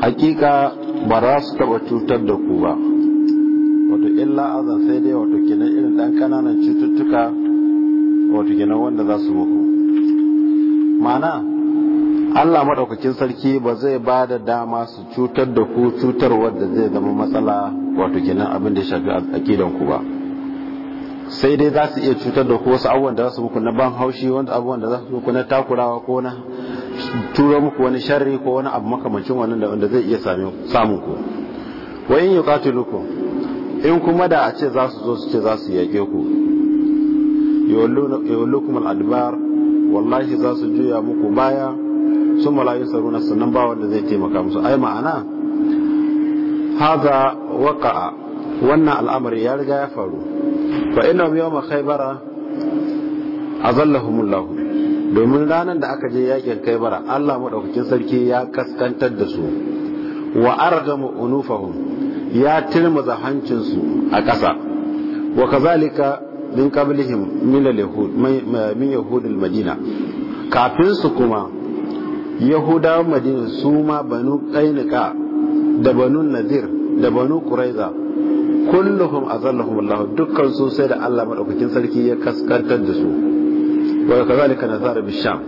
hakika ba za su taba cutar da ku ba wato illa azan sai dai wato kinan irin dan kananan cututtuka wato kinan wanda za su muku mana Allah madaukakin sarki ba zai ba da dama su cutar da ku cutar wadda zai zama matsala wato kinan abin da ya shafi akidan ku ba sai dai za su iya cutar da ku wasu abubuwan da za su muku na ban haushi wanda abubuwan da za su muku na takurawa ko na tura muku wani sharri ko wani abu makamancin wannan da wanda zai iya samun ku wa in yuqatilukum in kuma da a ce za su zo su ce za su yaƙe ku yawallukum al wallahi za su juya muku baya sun malayu saruna sannan ba wanda zai taimaka musu ai ma'ana haza waka wannan al'amari ya riga ya faru fa inna yawma khaybara azallahumullahu domin ranar da aka je yakin kaibara Allah maɗaukakin sarki ya kaskantar da su wa argama unufahum ya hancin hancinsu a ƙasa wa kazalika min qablihim min al-yahud min yahud al-madina kafin su kuma yahudawan madina su ma banu qainuqa da banu nadir da banu quraiza kulluhum azallahum Allah dukkan su sai da Allah madaukakin sarki ya kaskantar da su wa kazalika nazara bi sham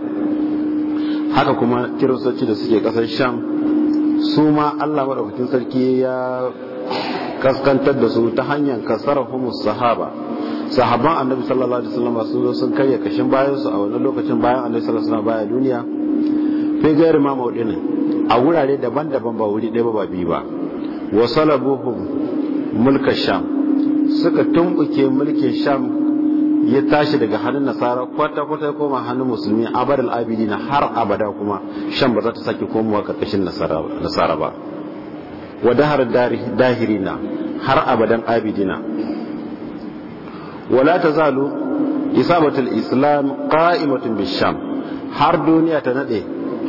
haka kuma kiristoci da suke kasar sham su ma Allah madaukakin sarki ya kaskantar da su ta hanyar kasar humus sahaba sahaban annabi sallallahu alaihi wasallam sun zo sun karya kashin bayan su a wannan lokacin bayan annabi sallallahu alaihi wasallam baya duniya fi gairi ma maudinin a wurare daban-daban ba wuri ɗaya ba biyu ba wa salabuhum mulka sham suka tumbuke mulkin sham ya tashi daga hannun nasara kwata kwata ya koma hannun musulmi abadal na har abada kuma shan ba za ta sake komawa karkashin nasara ba wa dahar dahirina har abadan abidina wala zalu isabatul islam qa'imatun bisham har duniya ta nade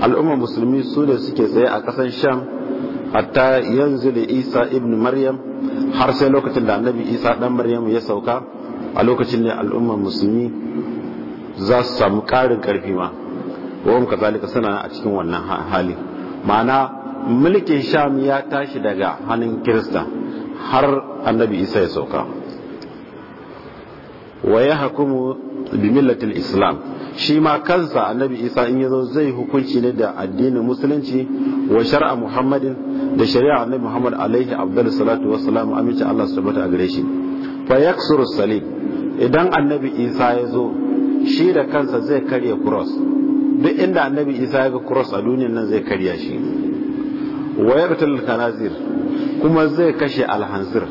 al'umma musulmi su da suke tsaye a kasan sham hatta yanzu da isa ibn maryam har sai lokacin da annabi isa dan maryam ya sauka a lokacin ne al'ummar musulmi za su samu karin karfi ma wawon zalika suna a cikin wannan hali ma'ana mulkin sham ya tashi daga hannun kirista har annabi isa ya sauka wa ya hakumu bi millatil islam shi ma kansa annabi isa in zo zai hukunci ne da addinin musulunci wa shari'a muhammadin da shari'a annabi muhammad alaihi abdul salatu wassalam amince allah subhanahu wa ta'ala gare shi fa yaksuru salib idan annabi isa ya zo shi da kansa zai karya cross duk inda annabi isa ya ga cross a duniyan nan zai karya shi wa yaqtul kuma zai kashe alhanzir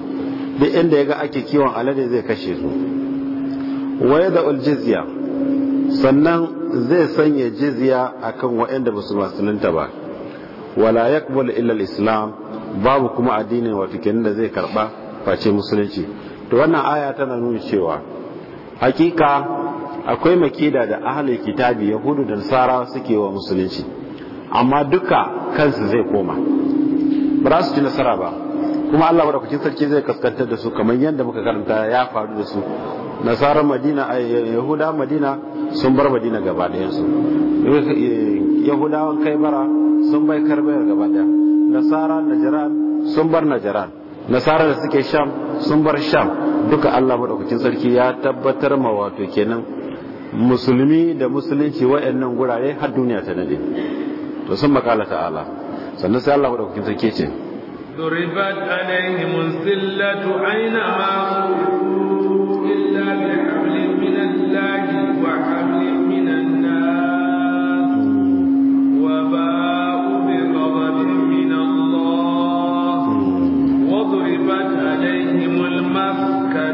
duk inda ya ga ake kiwon alade zai kashe su wa da jizya sannan zai sanya jizya akan waɗanda ba su musulunta ba wala yaqbal illa alislam islam babu kuma addinin wato kenan da zai karba face musulunci to wannan aya tana nuna cewa hakika akwai makida da ahli kitabi yahudu da nasara suke wa musulunci amma duka kansu zai koma ba za su ci nasara ba kuma Allah madaukakin sarki zai kaskantar da su kamar yadda muka karanta ya faru da su nasara madina a eh, yahuda madina sun bar madina gaba ɗayansu yahudawan mara sun bai karbayar gaba ɗaya nasara najaran sun bar najaran nasara da suke sham sun bar sham duka Allah madaukakin sarki ya tabbatar ma wato kenan musulmi da musulunci wayannan gurare har duniya ta nade to sun makala ta'ala sannan sai Allah madaukakin sarki ce duribat alaihim zillatu aina ma illa bi hablin min wa nas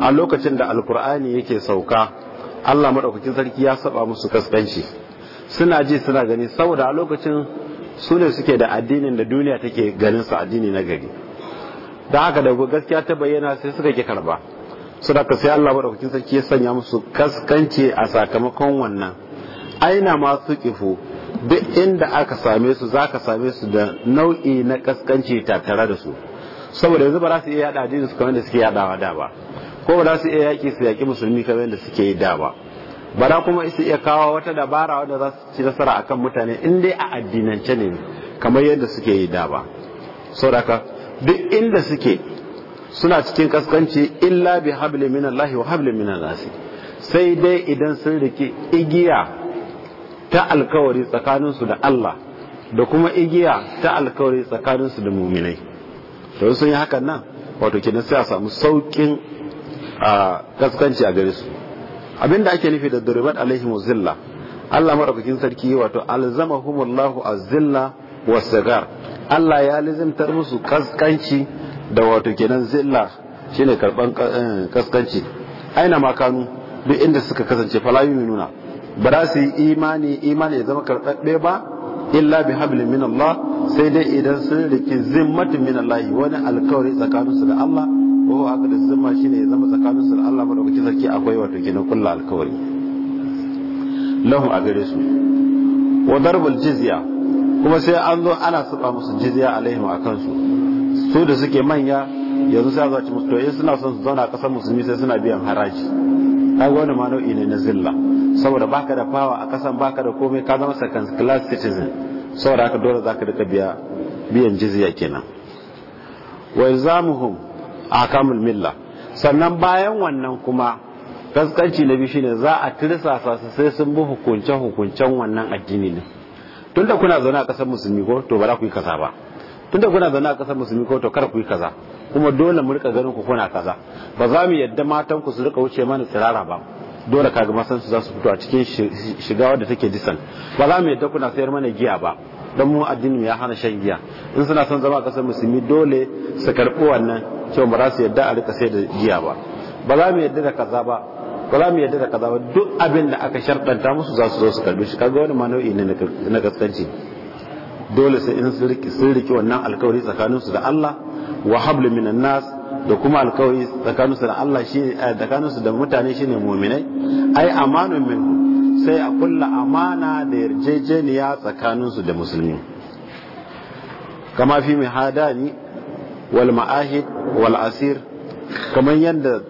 a lokacin da alkur'ani yake sauka Allah maɗaukakin sarki ya saba musu kaskanci suna ji suna gani saboda a lokacin su ne suke da addinin da duniya take ganin su addini na gari da haka da gaskiya ta bayyana sai suka ki karba sadaka sai Allah maɗaukakin sarki ya sanya musu kaskanci a sakamakon wannan aina masu kifu duk inda aka same su za ka same su da nau'i na kaskanci tattare da su saboda yanzu ba za su iya yada addinin su kamar da suke yadawa da ba ko ba za su iya yaƙi su yaƙi musulmi kamar yadda suke yi da ba ba za kuma su iya kawo wata dabara wadda za su ci nasara akan mutane in dai a addinance ne kamar yadda suke yi da ba saboda duk inda suke suna cikin kaskanci illa bi min Allah wa habli min nasi sai dai idan sun rike igiya ta alkawari tsakaninsu da Allah da kuma igiya ta alkawari tsakaninsu da muminai to sun yi hakan nan wato kenan sai a samu saukin a kaskanci a gare su abinda ake nufi da duribat alaihi zilla Allah madaukakin sarki wato alzama humullahu azilla wa sigar Allah ya lizimtar musu kaskanci da wato kenan zilla shine karban eh, kaskanci aina makanu duk inda suka kasance fala nuna ba za su yi imani imani ya zama karɓaɓɓe ba illa bi hablin min Allah sai dai idan sun riki zimmatin min Allah wani alkawari tsakaninsu da Allah ko haka da zama shine ya zama tsakanin su da Allah madaukakin sarki akwai wato kenan kullu alkawari lahum a gare su wa darbul jizya kuma sai an zo ana saba musu jizya alaihim akan su su da suke manya yanzu sai za to suna son su zauna kasar musulmi sai suna biyan haraji ai wani ma nau'i ne na zilla saboda baka da fawa a kasan baka da komai ka zama second class citizen saboda haka dole zaka rika biya biyan jizya kenan wa ilzamuhum ahkamul milla sannan bayan wannan kuma gaskanci na biyu shine za a tirsasa su sai sun bi hukuncen hukuncen wannan addini ne tunda kuna zaune a kasar musulmi ko to ba za ku yi kaza ba tunda kuna zaune a kasar musulmi ko to kar ku yi kaza kuma dole mu rika ganin ku kuna kaza ba za mu yadda matan ku su rika wuce mana tsirara ba dole kaga masan su za su fito a cikin shiga wadda take disan ba za mu yadda kuna sayar mana giya ba don mu addinin ya hana shan giya in suna son zama kasar musulmi dole su karɓi wannan cewa ba za su yadda a rika sai da giya ba ba za mu yadda da kaza ba ba za mu yadda da kaza ba duk abin da aka sharɗanta musu za su zo su karɓi shi kaga wani ma nau'i ne na kaskanci dole sai in sun riki wannan alkawari su da Allah wa hablu minan nas da kuma alkawari su da Allah shi eh, tsakaninsu da mutane shine mu'minai ai amanu minhu sai a kulla amana da yarjejeniya tsakaninsu da musulmi kama fi ni wal ma'ahid wal asir kamar yadda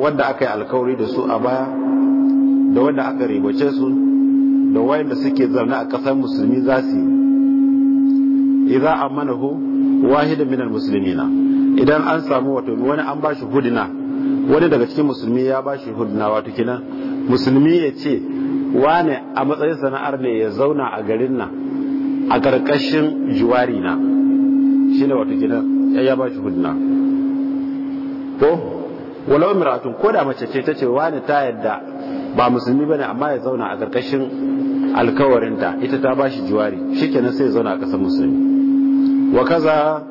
wanda aka yi alkawari da su a baya da wanda aka ribace su da wayanda suke zaune a ƙasar musulmi za su yi idan amanahu wahidan musulmi na idan an samu wato wani an bashi hudina wani daga cikin musulmi ya bashi hudina wato kenan musulmi ya ce wane a matsayin sana'ar ne ya zauna a garin nan a ƙarƙashin juwari na shi ne wata gina ya ba shi hudna ko walau miratun ko da mace ce ta ce wane ta yadda ba musulmi ne amma ya zauna a ƙarƙashin alkawarinta ita ta ba shi juwari shi kenan sai ya zauna a ƙasar musulmi wa kaza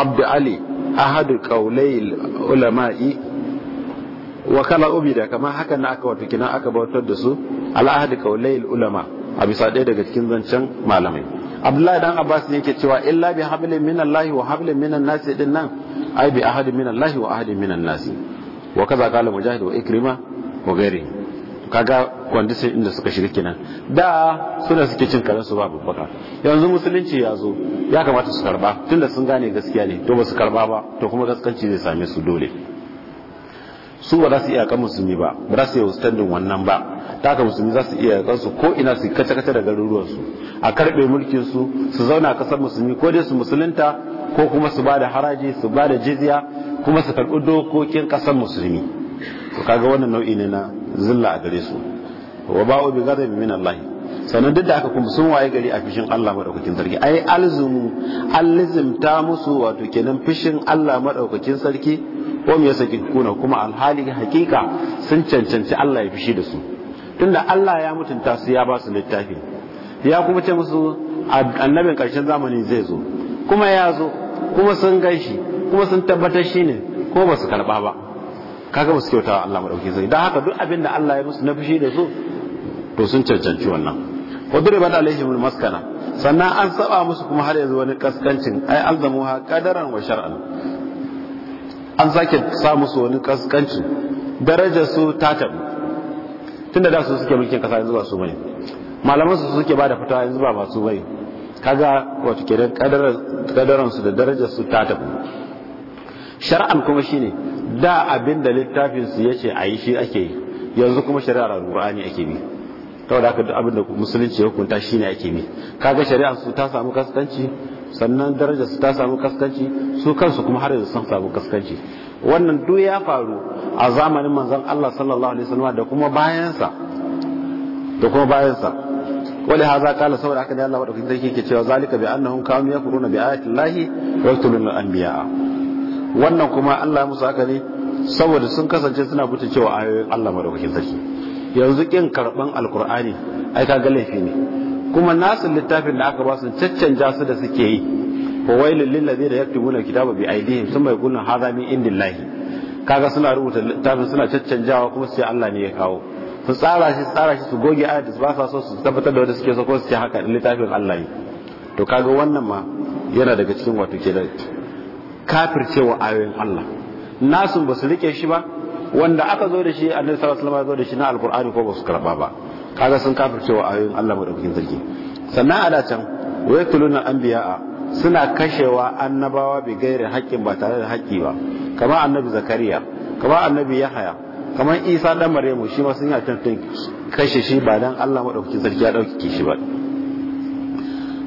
abdu ali ahadu kaulai ulama'i wa kala ubida kamar hakan na aka wato kina aka bautar da su ka kaulayil ulama a bisa ɗaya daga cikin zancen malamai abdullahi dan abbas ne yake cewa illa bi hablin min allahi wa hablin min nasi din nan ai bi ahadin min allahi wa ahadin min nasi wa kaza kala mujahid wa ikrima wa ghairi kaga wanda sai inda suka shirki kenan da suna suke cin karen su babu baka yanzu musulunci ya zo ya kamata su karba tunda sun gane gaskiya ne to ba su karba ba to kuma gaskanci zai same su dole su ba za su iya musulmi ba ba za su iya standing wannan ba ta haka musulmi za su iya kansu ko ina su kace-kace da garuruwansu a karbe mulkin su su zauna kasar musulmi ko dai su musulunta ko kuma su bada haraji su bada jizya kuma su karɓi dokokin kasar musulmi to kaga wannan nau'i ne na zilla a gare su wa ba'u bi ghadabin min Allah sannan duk da aka kuma sun waye gari a fishin Allah madaukakin sarki ai alzumu ta musu wato kenan fishin Allah madaukakin sarki ko me yasa kuna kuma alhali hakika sun cancanci Allah ya fishi da su tunda Allah ya mutunta su ya ba su littafi ya kuma ce musu annabin karshen zamani zai zo kuma ya zo kuma sun gaishi kuma sun tabbatar shi ne ko ba su karba ba kaga ba su kyauta Allah madauki zai dan haka duk abin da Allah ya musu na fishi da su to sun cancanci wannan wadribat alaihim maskana sannan an saba musu kuma har yanzu wani kaskancin ai alzamuha qadaran wa shar'an an sake sa musu wani kaskanci darajar su ta tabu tunda da su suke mulkin kasa yanzu ba su bane malaman su suke bada fita yanzu ba su bane kaga wato kenan kadaran su da darajar su ta tabu shar'an kuma shine da abin da littafin su yace ayi shi ake yi yanzu kuma shari'ar alqur'ani ake bi kawai da haka duk abin da musulunci ya hukunta shine ake bi kaga shari'ar su ta samu kaskanci sannan darajar su ta samu kaskanci su kansu kuma har yanzu sun samu kaskanci wannan duk ya faru a zamanin manzon Allah sallallahu alaihi wasallam da kuma bayansa da kuma bayansa wani haza kala saboda haka ne Allah madaukakin sarki yake cewa zalika bi annahum kanu yakuruna bi ayati llahi wa yaqtuluna anbiya wannan kuma Allah ya musu haka ne saboda sun kasance suna buta cewa ayoyin Allah madaukakin sarki yanzu kin karban alqur'ani ai ka ga laifi ne kuma nasu littafin da aka ba su caccanja su da suke yi wa wailul lil ladina yaktubuna kitaba bi aydihim thumma yaquluna hadha min indillahi kaga suna rubuta littafin suna caccanjawa kuma sai Allah ne ya kawo su tsara shi tsara shi su goge ayat su ba sa so su tabbatar da wanda suke so ko su ce haka littafin Allah ne to kaga wannan ma yana daga cikin wato ke da kafircewa ayoyin Allah nasu ba su rike shi ba wanda aka zo da shi annabi sallallahu alaihi wasallam ya zo da shi na alqur'ani ko ba su karba ba kaga sun kafircewa ayoyin Allah madaukakin sarki sannan a dacan wayatuluna anbiya anbiya'a suna kashewa annabawa bi gairi haƙƙin ba tare da haƙƙi ba kamar annabi zakariya kamar annabi yahaya kamar isa dan maryamu shi ma sun yi kashe shi ba dan Allah madaukakin sarki ya dauke shi ba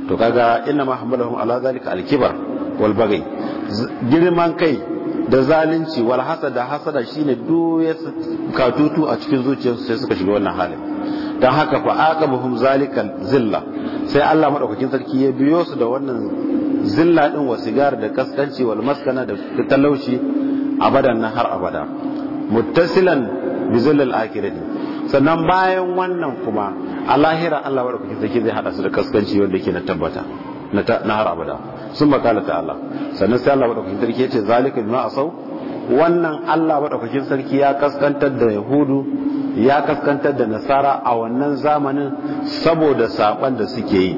to kaga inna ma hamalahum ala zalika alkibar wal bagai girman kai da zalunci wal hasada hasada shine duk ya katutu a cikin zuciyarsu sai suka shiga wannan halin don haka fa aqabuhum zalikan zilla sai Allah madaukakin sarki ya biyo su da wannan zilla wa wasigar da kaskanci wal maskana da talauci abadan na har abada muttasilan bi zillal akhirati sannan bayan wannan kuma a lahira Allah madaukakin sarki zai hada su da kaskanci wanda yake na tabbata na har abada sun makala ta Allah sannan sai Allah madaukakin sarki ya ce zalika bima asau wannan Allah maɗaukakin sarki ya kaskantar da yahudu ya kaskantar da nasara a wannan zamanin saboda saɓon da suke yi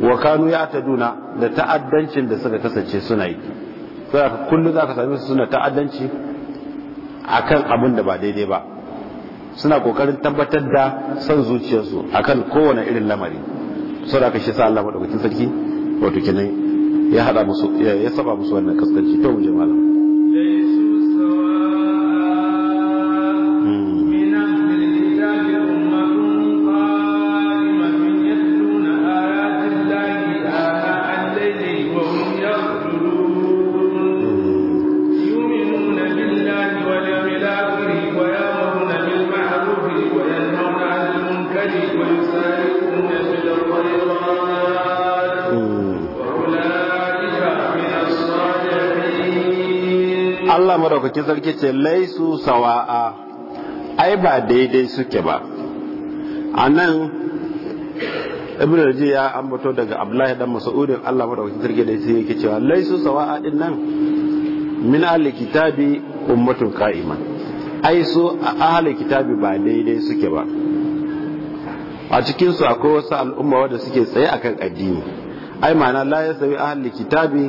wa kanu ya duna da ta'addancin da suka kasance suna yi saboda kullum za ka sami su suna ta'addanci akan abin da ba daidai ba suna kokarin tabbatar da son zuciyarsu akan kowane irin lamari saboda ka shi sa Allah maɗaukakin sarki wato kenan ya haɗa musu ya saba musu wannan kaskanci to mu je malam madaukakin sarki ce laisu sawa'a ai ba daidai suke ba a nan ibn raji ya ambato daga abdullahi dan mas'udin Allah madaukakin sarki da yake cewa laisu sawa'a din nan min ahli kitabi ummatun qa'iman ai su ahli kitabi ba daidai suke ba a cikin su akwai wasu al'umma wanda suke tsaye akan addini ai ma'ana la yasawi ahli kitabi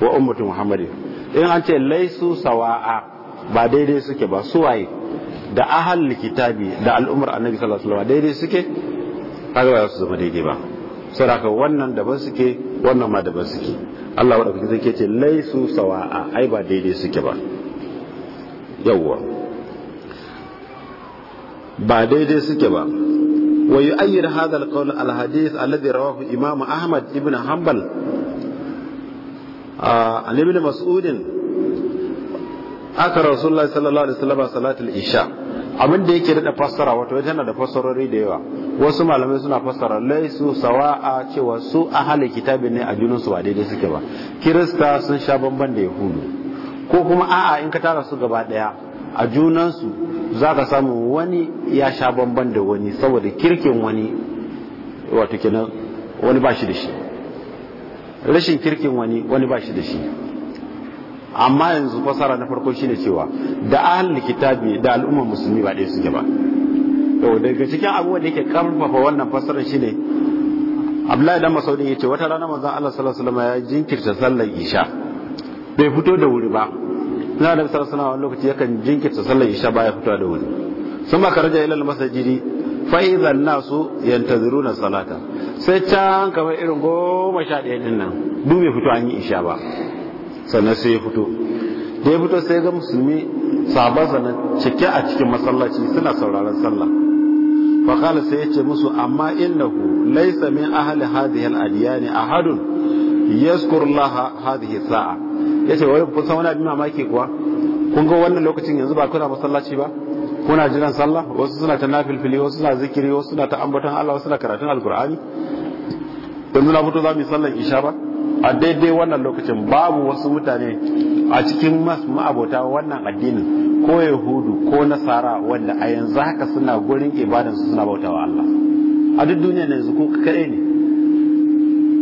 wa ummatun muhammadin in an ce laisu sawa'a ba daidai suke ba suwaye da ahal kitabi da al'ummar annabi sallallahu alaihi wasallam daidai suke kaga ba su zama daidai ba saboda wannan daban suke wannan ma daban suke Allah wadda zai zake ce laisu sawa'a ai ba daidai suke ba yawwa ba daidai suke ba ويؤيد qawl al-hadith alladhi rawahu Imam Ahmad ibn hanbal an ibn mas'udin aka rasulullahi sallallahu alaihi wasallam salatul isha abin da yake da fassara wato yana da fassarori da yawa wasu malamai suna fassara laisu sawa'a cewa su ahli kitabin ne a junansu ba daidai suke ba kirista sun sha bamban da yahudu ko kuma a'a in ka tara su gaba daya a junansu za ka samu wani ya sha bamban da wani saboda kirkin wani wato kenan wani ba shi da shi rashin kirkin wani wani ba shi da shi amma yanzu fasara na farko shine cewa da ahlul kitabi da al'ummar musulmi ba ɗaya suke ba to daga cikin abubuwan da yake karfafa wannan shi shine Abdullahi dan Masaudin yace wata rana manzon Allah sallallahu alaihi wasallam ya jinkirta sallar isha bai fito da wuri ba na da sallallahu alaihi wasallam lokaci yakan jinkirta sallar isha baya fito da wuri sun ba karaja ila masajidi faizan nasu yantaziruna salata sai can kamar irin goma sha ɗaya ɗin nan dubi fito an yi isha ba sannan sai ya fito da ya fito sai ga musulmi sabon sannan cike a cikin masallaci suna sauraron sallah faƙala sai ya ce musu amma ku laisa min ahli hadhihi a adiyani ahadun yazkurullaha hadhihi sa'a yace wai wani kusan wani abin mamaki kuwa kun ga wannan lokacin yanzu ba kuna masallaci ba kuna jiran sallah wasu suna ta fili wasu suna zikiri wasu suna ta ambaton Allah wasu suna karatun alkur'ani yanzu na fito za mu yi sallan isha ba a daidai wannan lokacin babu wasu mutane a cikin ma'abota wannan addinin ko yahudu ko nasara wanda a yanzu haka suna gurin ibadan su suna bautawa Allah a duk duniya yanzu ko kaɗai ne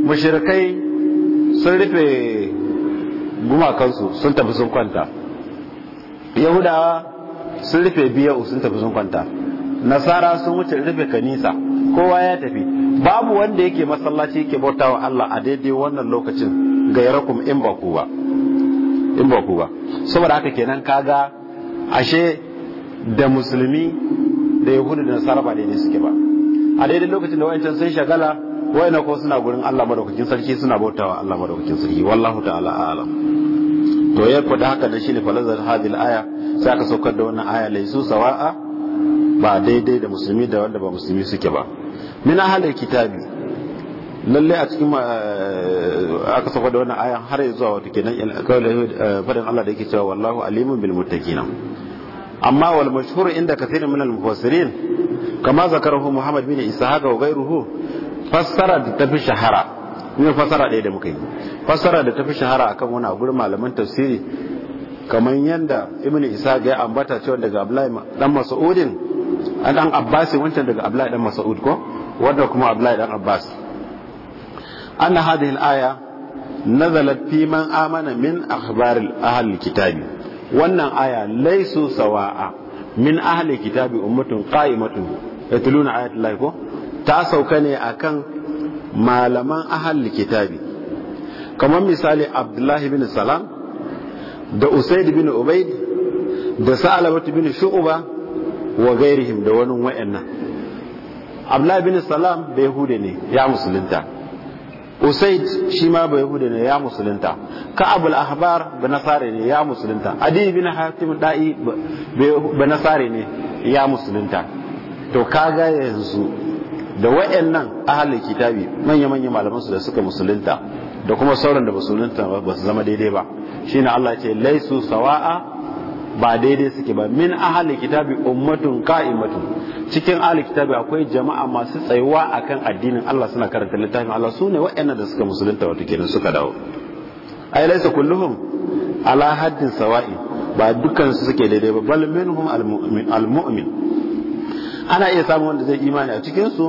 mushrikai sun rufe gumakansu sun tafi sun kwanta yahudawa sun rufe biyu sun tafi sun kwanta nasara sun wuce rufe kanisa kowa ya tafi babu wanda yake masallaci yake bauta wa Allah a daidai wannan lokacin gairakum in ba ku ba in ba ku ba saboda haka kenan kaga ashe da musulmi da yahudu da nasara ba daidai suke ba a daidai lokacin da wayancan sun shagala na ko suna gurin Allah madaukakin sarki suna bautawa Allah madaukakin sarki wallahu ta'ala a'lam to ya faɗi haka da shine falazar hadil aya sai aka saukar da wannan aya laisu sawa'a ba daidai da musulmi da wanda ba musulmi suke ba min ahalar kitabi lalle a cikin eh, aka saukar da wannan aya har zuwa wata kenan eh, fadin Allah da yake cewa wallahu alimun bil muttaqin amma wal mashhur inda kathirin min al mufassirin kama zakarahu Muhammad bin Ishaq wa ghayruhu fassara da tafi shahara ne fasara ɗaya da muka yi fasara da tafi shahara akan wani a gurin malaman tafsiri kamar yadda ibn isa ga ambata cewa daga abdullahi dan mas'udin an dan abbasi wancan daga abdullahi dan mas'ud ko wanda kuma abdullahi dan abbas anna hadhihi al-aya nazalat fi man amana min akhbar ahli kitabi wannan aya laisu sawa'a min ahli kitabi ummatun qa'imatun yatluna ayati llahi ko ta sauka ne akan malaman ahal kitabi kamar misali abdullahi bin salam da usaid bin ubaid da sa'alabatu bin shu'uba wa gairihim da wani wa'annan abdullahi bin salam bai hude ne ya musulunta usaid shi ma bai hude ne ya musulunta ka abul ahbar ba nasari ne ya musulunta adi bin hatim da'i ba nasari ne ya musulunta to kaga yanzu da wayannan ahlul kitabi manya manya malamansu su da suka musulunta da kuma sauran da musulunta ba su zama daidai ba shi na Allah ce laisu sawa'a ba daidai suke ba min ahlul kitabi ummatun qa'imatun cikin ahalin kitabi akwai jama'a masu tsayuwa a kan addinin Allah suna karanta littafin Allah sune wayannan da suka musulunta wato kenan suka dawo ai laisa kulluhum ala haddin sawa'i ba dukkan su suke daidai ba bal minhum almu'min ana iya samun wanda zai imani a cikin su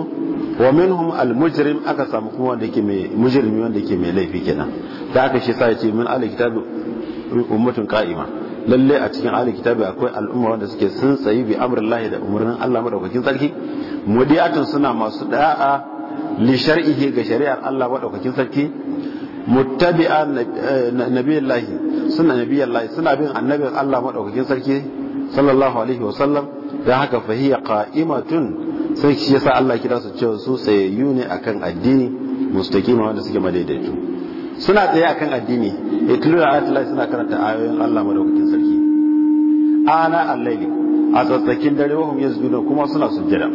wa minhum al mujrim aka samu kuma wanda yake mai mujrimi wanda yake mai laifi kenan da aka shi sa yace min al kitabi ummatun qa'ima lalle a cikin al kitabi akwai al'umma wanda suke sun tsayi bi amrillahi da umurnin Allah madaukakin sarki mudiatun suna masu da'a li shar'ihi ga shari'ar Allah madaukakin sarki muttabi'a eh, nabiyullahi suna nabiyullahi suna bin annabin Allah madaukakin sarki sallallahu alaihi wasallam don haka fahiya qa'imatun sai shi yasa Allah kira su cewa su tsayayyu ne akan addini mustaqima wanda suke madaidaitu suna tsaye akan addini eh, ayatul lahi suna karanta ayoyin Allah madaukakin sarki ana al-layli a tsatsakin dare wahum yasjudu kuma suna sujjada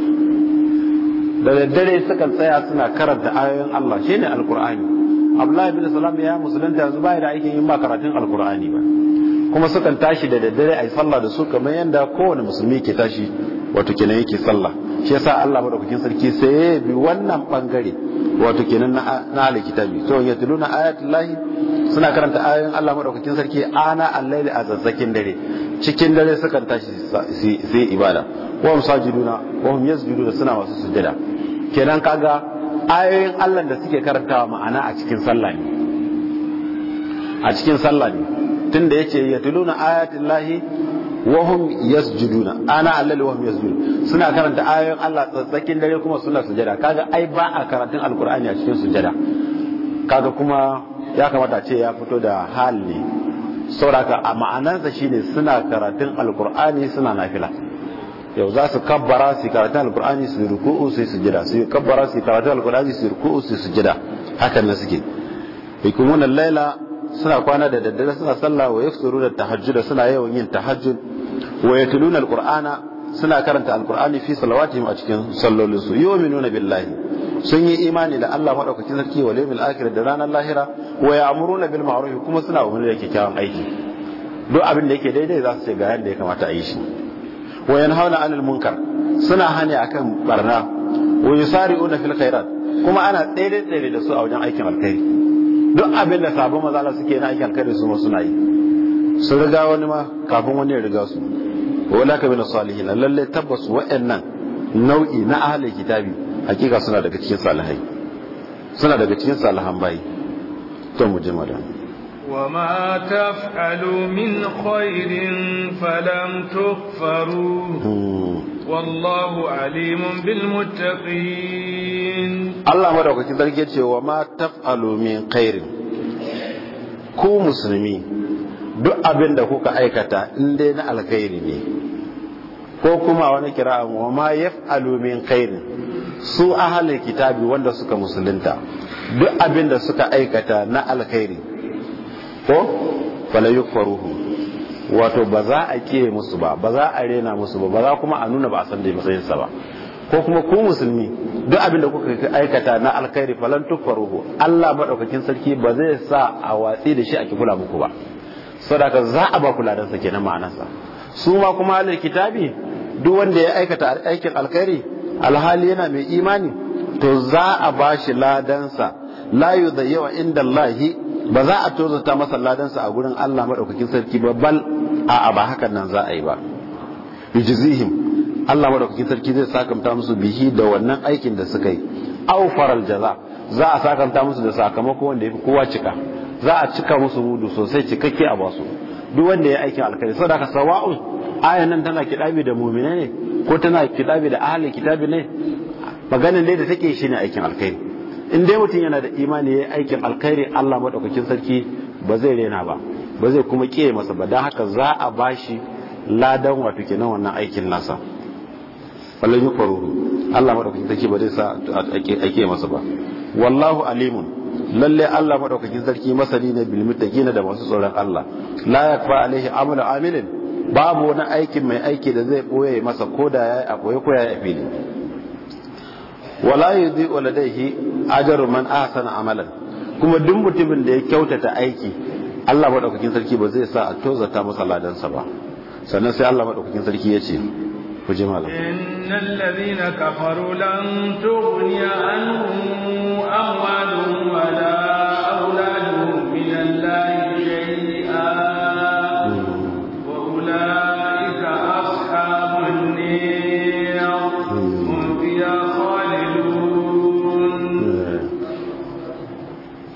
da daddare sukan tsaya suna karanta ayoyin Allah shine alqur'ani Abdullahi bin Salam ya musulunta yanzu bai da aikin yin ba karatun alqur'ani ba kuma sukan tashi da daddare a yi sallah da su kamar yadda kowane musulmi ke tashi wato kenan yake sallah shi yasa Allah madaukakin sarki sai ya bi wannan bangare wato kenan na ahli kitabi to ya tiluna ayatullahi suna karanta ayoyin Allah madaukakin sarki ana al a zazzakin dare cikin dare sukan tashi sai ibada wa hum sajiduna wa hum yasjuduna suna masu sujada kenan kaga ayoyin Allah da suke karantawa ma'ana a cikin sallah ne a cikin sallah ne tunda yace yatluna ayatin lahi su judu yasjuduna ana allal ya su judu. suna karanta ayoyin Allah tsakin dare kuma suna sujada kaga ai ba a karatun alqur'ani a cikin sujada kaga kuma ya kamata ce ya fito da hali sauraka a ma'anansa shine suna karatun alqur'ani suna nafila yau za su kabbara su karatun alkur'ani su ruku'u su sujada su kabbara su karatun alkur'ani su ruku'u su sujada hakan na suke yakumuna laila suna kwana da daddare suna sallah wa yafsuru da tahajjud suna yawan yin tahajjud wa yatluna alqur'ana suna karanta alqur'ani fi salawatihim a cikin sallolin su yu'minuna billahi sun yi imani da Allah madaukakin sarki wa yawmil akhir da ranar lahira wa ya'muruna bil ma'ruf kuma suna umarni da kyakkyawan aiki duk abin da yake daidai za su ce ga yadda ya kamata a yi shi wa yanhauna 'anil munkar suna hani akan barna wa yusari'una fil khairat kuma ana tsere tsere da su a wajen aikin alkhairi duk abin da sabon mazala suke na aikin kare su suna yi su riga wani ma kafin wani ya riga su wala ka bin salihin lalle tabbas wa'annan nau'i na ahlul kitabi hakika suna daga cikin salihai suna daga cikin salihan bayi to mu وما تفعلوا من خير فلم تغفروه والله عليم بالمتقين الله مدوكاkin sarki yace wa ma taf'alu min khairin ku musulmi duk abin da kuka aikata in dai na alkhairi ne ko kuma wani kira wa ma yaf'alu min khairin su ahalin kitabi wanda suka musulunta duk abin da suka aikata na alkhairi ko fala yukfaruhu wato ba za a kiyaye musu ba ba za a rena musu ba ba za kuma a nuna ba a san da matsayin sa ba ko kuma ku musulmi duk abin da kuka aikata na alkhairi falan tukfaruhu Allah madaukakin sarki ba zai sa a watsi da shi a kifula muku ba sadaka za a ba kula da sa kenan ma'anarsa su ma kuma alal kitabi duk wanda ya aikata aikin alkhairi alhali yana mai imani to za a bashi ladansa la yudayyawa inda Allahi ba za a tozata masa ladansa a gurin Allah maɗaukakin sarki ba bal a'a ba hakan nan za a yi ba yujzihim Allah maɗaukakin sarki zai sakamta musu bihi da wannan aikin da suka yi aw faral jaza za a sakamta musu da sakamako wanda fi kowa cika za a cika musu mudu sosai cikakke a basu duk wanda ya aikin alkhairi aka sawa'un ayan nan tana kidabi da mu'mina ne ko tana kidabi da ahli kitabi ne maganin dai da take shi ne aikin alkhairi in dai mutum yana da imani ya yi aikin alkhairi Allah maɗaukakin sarki ba zai rena ba ba zai kuma ƙiye masa ba don haka za a bashi ladan wato nan wannan aikin nasa fallon yi faruhu Allah maɗaukakin sarki ba zai sa a ƙiye masa ba wallahu alimun lalle Allah maɗaukakin sarki masani ne bil gina da masu tsoron Allah la yakfa alaihi amalu amilin babu wani aikin mai aiki da zai boye masa ko da yi a boye ko a fili wala yudhi'u waladaihi ajaruman man ahsana amalan kuma duk mutumin da ya kyautata aiki Allah madaukakin sarki ba zai sa a tozata masa ladansa ba sannan sai Allah madaukakin sarki ya ce ku ji malam innal ladina kafaru lan tughniya anhum wala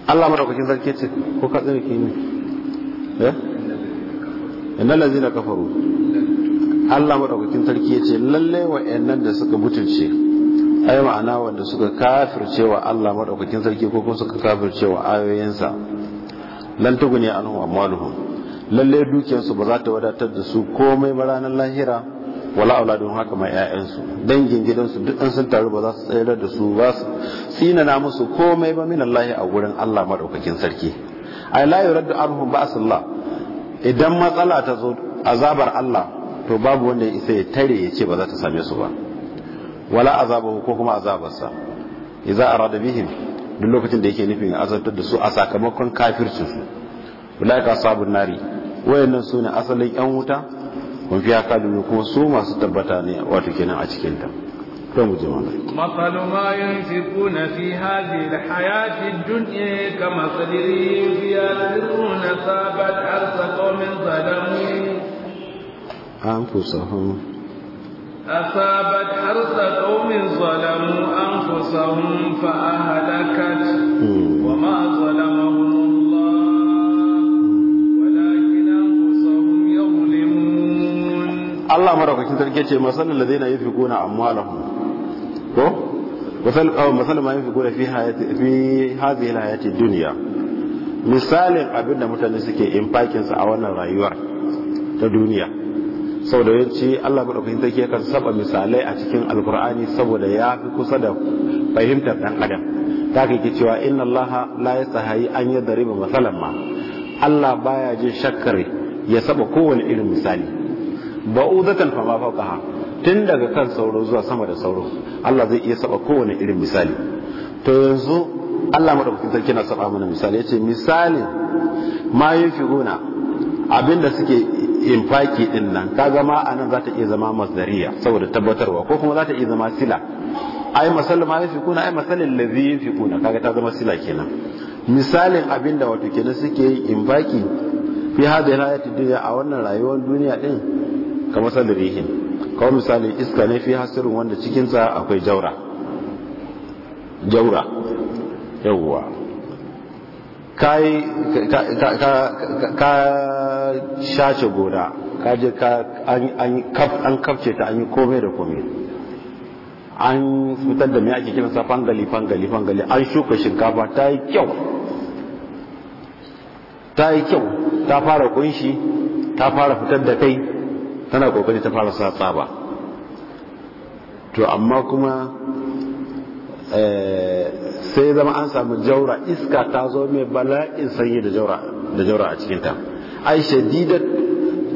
Allah madaukakin sarki ce ko ka tsare ke ne eh innal ladzina kafaru Allah madaukakin sarki ce lalle nan da suka mutunce ai ma'ana wanda suka kafirce wa Allah madaukakin sarki ko kuma suka kafirce wa ayoyinsa lan tuguni anhu amwaluhum lalle dukiyarsu ba za ta wadatar da su komai ba ranar lahira wala auladun haka mai ƴaƴansu dangin gidansu duk an sun taru ba za su tsayar da su ba su na musu komai ba minallahi a wurin Allah madaukakin sarki ai la yuraddu anhum ba'sullah idan matsala ta zo azabar Allah to babu wanda ya isa ya tare ya ce ba za ta same su ba wala azabahu ko kuma azabarsa idza arada bihim duk lokacin da yake nufin azabtar da su a sakamakon kafircin su ulaika sabun nari wayannan sune asalin yan wuta kun fiya kalibi kuma su masu tabbata ne wato kenan a cikin ta to mu je mana masalu ma yunfikuna fi hadhihi alhayati ad-dunya kama sadri fi al-runa sabat arsa min zalamu an kusahum أصابت an قوم ظلموا أنفسهم wa ma ظلمهم Allah madaukakin sarki ce masal aw oh, masal ma yunfiquna fi hayati fi hadhihi alhayati dunya misalin abinda mutane suke infakin sa a wannan rayuwar ta duniya saboda yanci Allah madaukakin sarki kan saba misalai a cikin alqur'ani saboda ya fi kusa da fahimtar dan adam ta kai cewa inna Allah la ya an yadriba masalan ma Allah baya jin shakkar ya saba kowane irin misali Ba ba'udatan fa ma fawqaha tun daga kan sauro zuwa sama da sauro Allah zai iya saba kowane irin misali to yanzu Allah madaukakin sarki na saba mana misali yace misalin ma yunfiquna abinda suke infaki din nan kaga ma anan za ta iya zama masdariya saboda tabbatarwa ko kuma za ta iya zama sila ai masal ma yunfiquna ai masalin ladhi yunfiquna kaga ta zama sila kenan misalin abinda wato kenan suke infaki fi hadhihi hayati dunya a wannan rayuwar duniya din kamar rihin kawo misali iska ne fi hasirin wanda cikinsa akwai jaura jaura yawwa ka shace gona ka je an kafce ta an yi komai da komai an fitar da mai ake kiransa fangali fangali fangali an shuka shinkafa ta yi kyau ta yi kyau ta fara kunshi ta fara fitar da kai tana kokari ta fara sa tsaba to amma kuma eh, sai zama an samu jaura iska ta zo mai bala'in sanyi da jaura a cikinta ai shadidar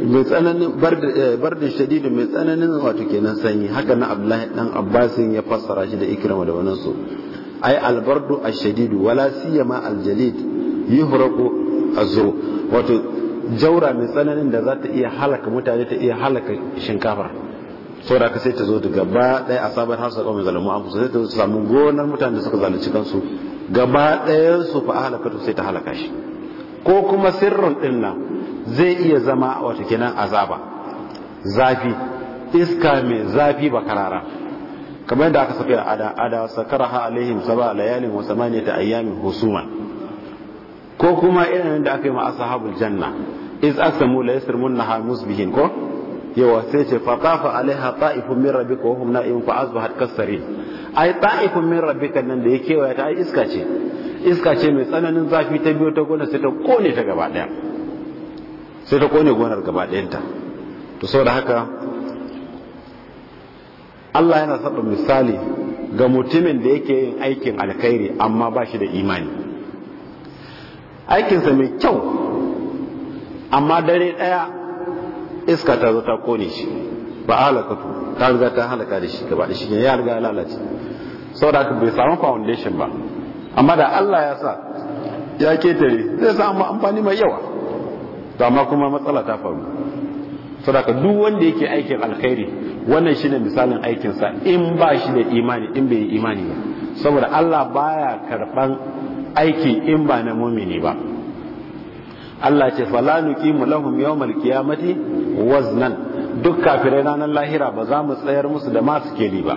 mai tsananin bardin eh, shadidin mai tsananin wato kenan sanyi haka na abdullahi dan abbasin ya fassara shi da ikrama da wani su ai albardu a ashadidu wala siyama aljalid yi a azru wato jaura mai tsananin da za ta iya halaka mutane ta iya halaka shinkafa saboda ka sai ta zo daga ba ɗaya a sabon hausa kawai zalamu an kusa sai ta samu gonar mutane da suka zalunci kansu gaba ɗayan su fa halaka sai ta halaka shi ko kuma sirrin ɗin zai iya zama a wata kenan azaba zafi iska mai zafi ba karara kamar yadda aka saka ada ada ha alaihim saba layalin wa ta ayyamin husuma ko kuma irin da aka yi ma ashabul janna iz asamu la naha musbihin ko yawa sai ce fa qafa alaiha ta'ifun min rabbika wa hum fa asbahat kasari ai ta'ifun min rabbika nan da ya kewaya ta iska ce iska ce mai tsananin zafi ta biyo ta gona sai ta kone ta gaba daya sai ta kone gonar gaba dayanta to saboda haka Allah yana saba misali ga mutumin da yake yin aikin alkhairi amma ba shi da imani aikinsa mai kyau amma dare ɗaya iska ta zo ta kone shi ba halakatu ta riga ta halaka da shi gaba da shi ya riga lalace saboda haka bai samu foundation ba amma da Allah ya sa ya ketare zai samu amfani mai yawa to amma kuma matsala ta faru saboda duk wanda yake aikin alkhairi wannan shine misalin aikinsa in ba shi da imani in bai yi imani ba saboda Allah baya karɓan. aiki in ba na mumini ba Allah ce ki nuqimu lahum yawmal kiyamati waznan duk kafirai ranar lahira ba za mu tsayar musu da masu keli ba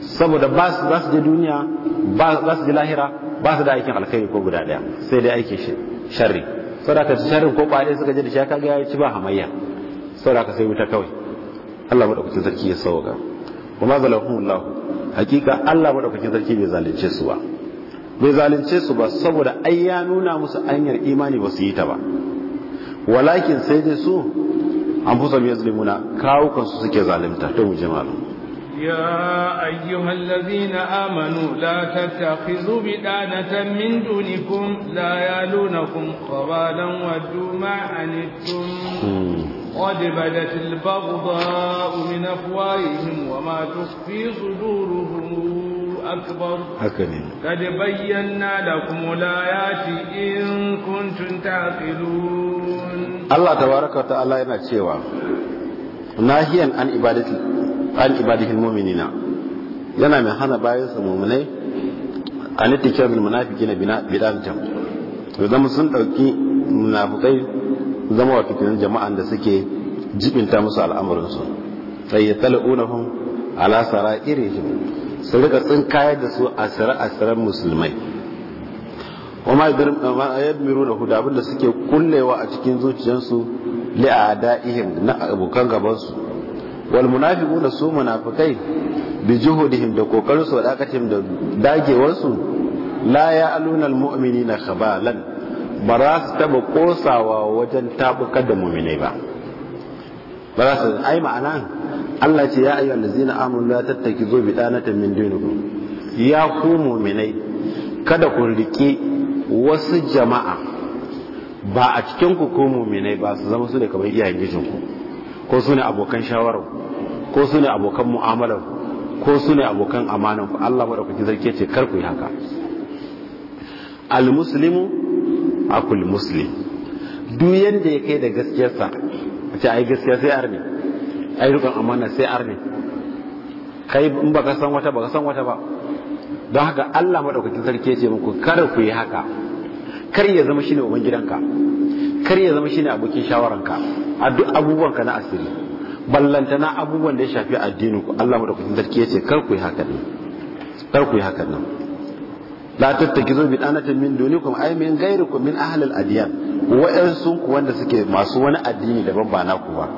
saboda ba su za su je duniya ba za su je lahira ba su da aikin alkhairi ko guda daya sai dai aikin sharri saboda sharri ko kwaɗe suka je da shi kaga ya ci ba hamayya saboda sai wuta kawai Allah madaukakin sarki ya sauka kuma Allah hakika Allah madaukakin sarki bai zalunce su ba bai zalunce su ba saboda ai ya nuna musu hanyar imani ba su yi ta ba walakin sai dai su an fusa mai zalimuna kawukan su suke zalunta ta mu jama'a يا أيها الذين آمنوا لا تتخذوا بطانة من دونكم لا يلونكم خبالا ودوا ما عنتم قد بدت البغضاء من أفواههم وما تخفي صدورهم أكبر قد بينا لكم الآيات إن كنتم تعقلون الله تبارك وتعالى ينشيوا ناهيا عن عبادة عن عباده المؤمنين yana mai hana bayan su mummunai a nittikiyar munafiki na bidan jam to zama sun ɗauki munafikai zama wa fitinin jama'an da suke jibinta musu al'amuransu sai ya tala'unahum ala sara'irihim su rika tsinkayar da su a asiren musulmai kuma yadmiru da hudabin da suke kullewa a cikin zuciyarsu da'ihin na abokan gabansu wal munafiqu da su munafikai bi juhudihim da kokarin su wadakatihim da dagewarsu la ya'luna na na khabalan ba za su taba kosawa wajen tabukar da mu'minai ba ba za su ai ma'ana Allah ce ya ayyuhal ya amanu la tattakizu na min dunikum ya ku mu'minai kada ku rike wasu jama'a ba a cikin ku ko mu'minai ba su zama su ne kamar iyayen gijinku ko su ne abokan shawarar ko su ne abokan mu'amalar ko su ne abokan amanan ku Allah madaukaki zarke ce kar ku yi haka al muslimu akul muslim duk yanda ya kai da gaskiyarsa a ce ai gaskiya sai arni ai rikon amana sai arne kai in baka san wata baka san wata ba don haka Allah madaukakin sarki ya ce muku kada ku yi haka kar ya zama shine uban gidanka kar ya zama shine abokin shawaranka a duk abubuwan ka na asiri ballantana abubuwan da ya shafi addinin ku Allah madaukakin sarki ya ce kar ku yi haka ne kar ku yi haka nan la tattakizu bi danatin min dunikum ay min ghayrikum min ahli al-adyan waɗansu ku wanda suke masu wani addini daban ba naku ba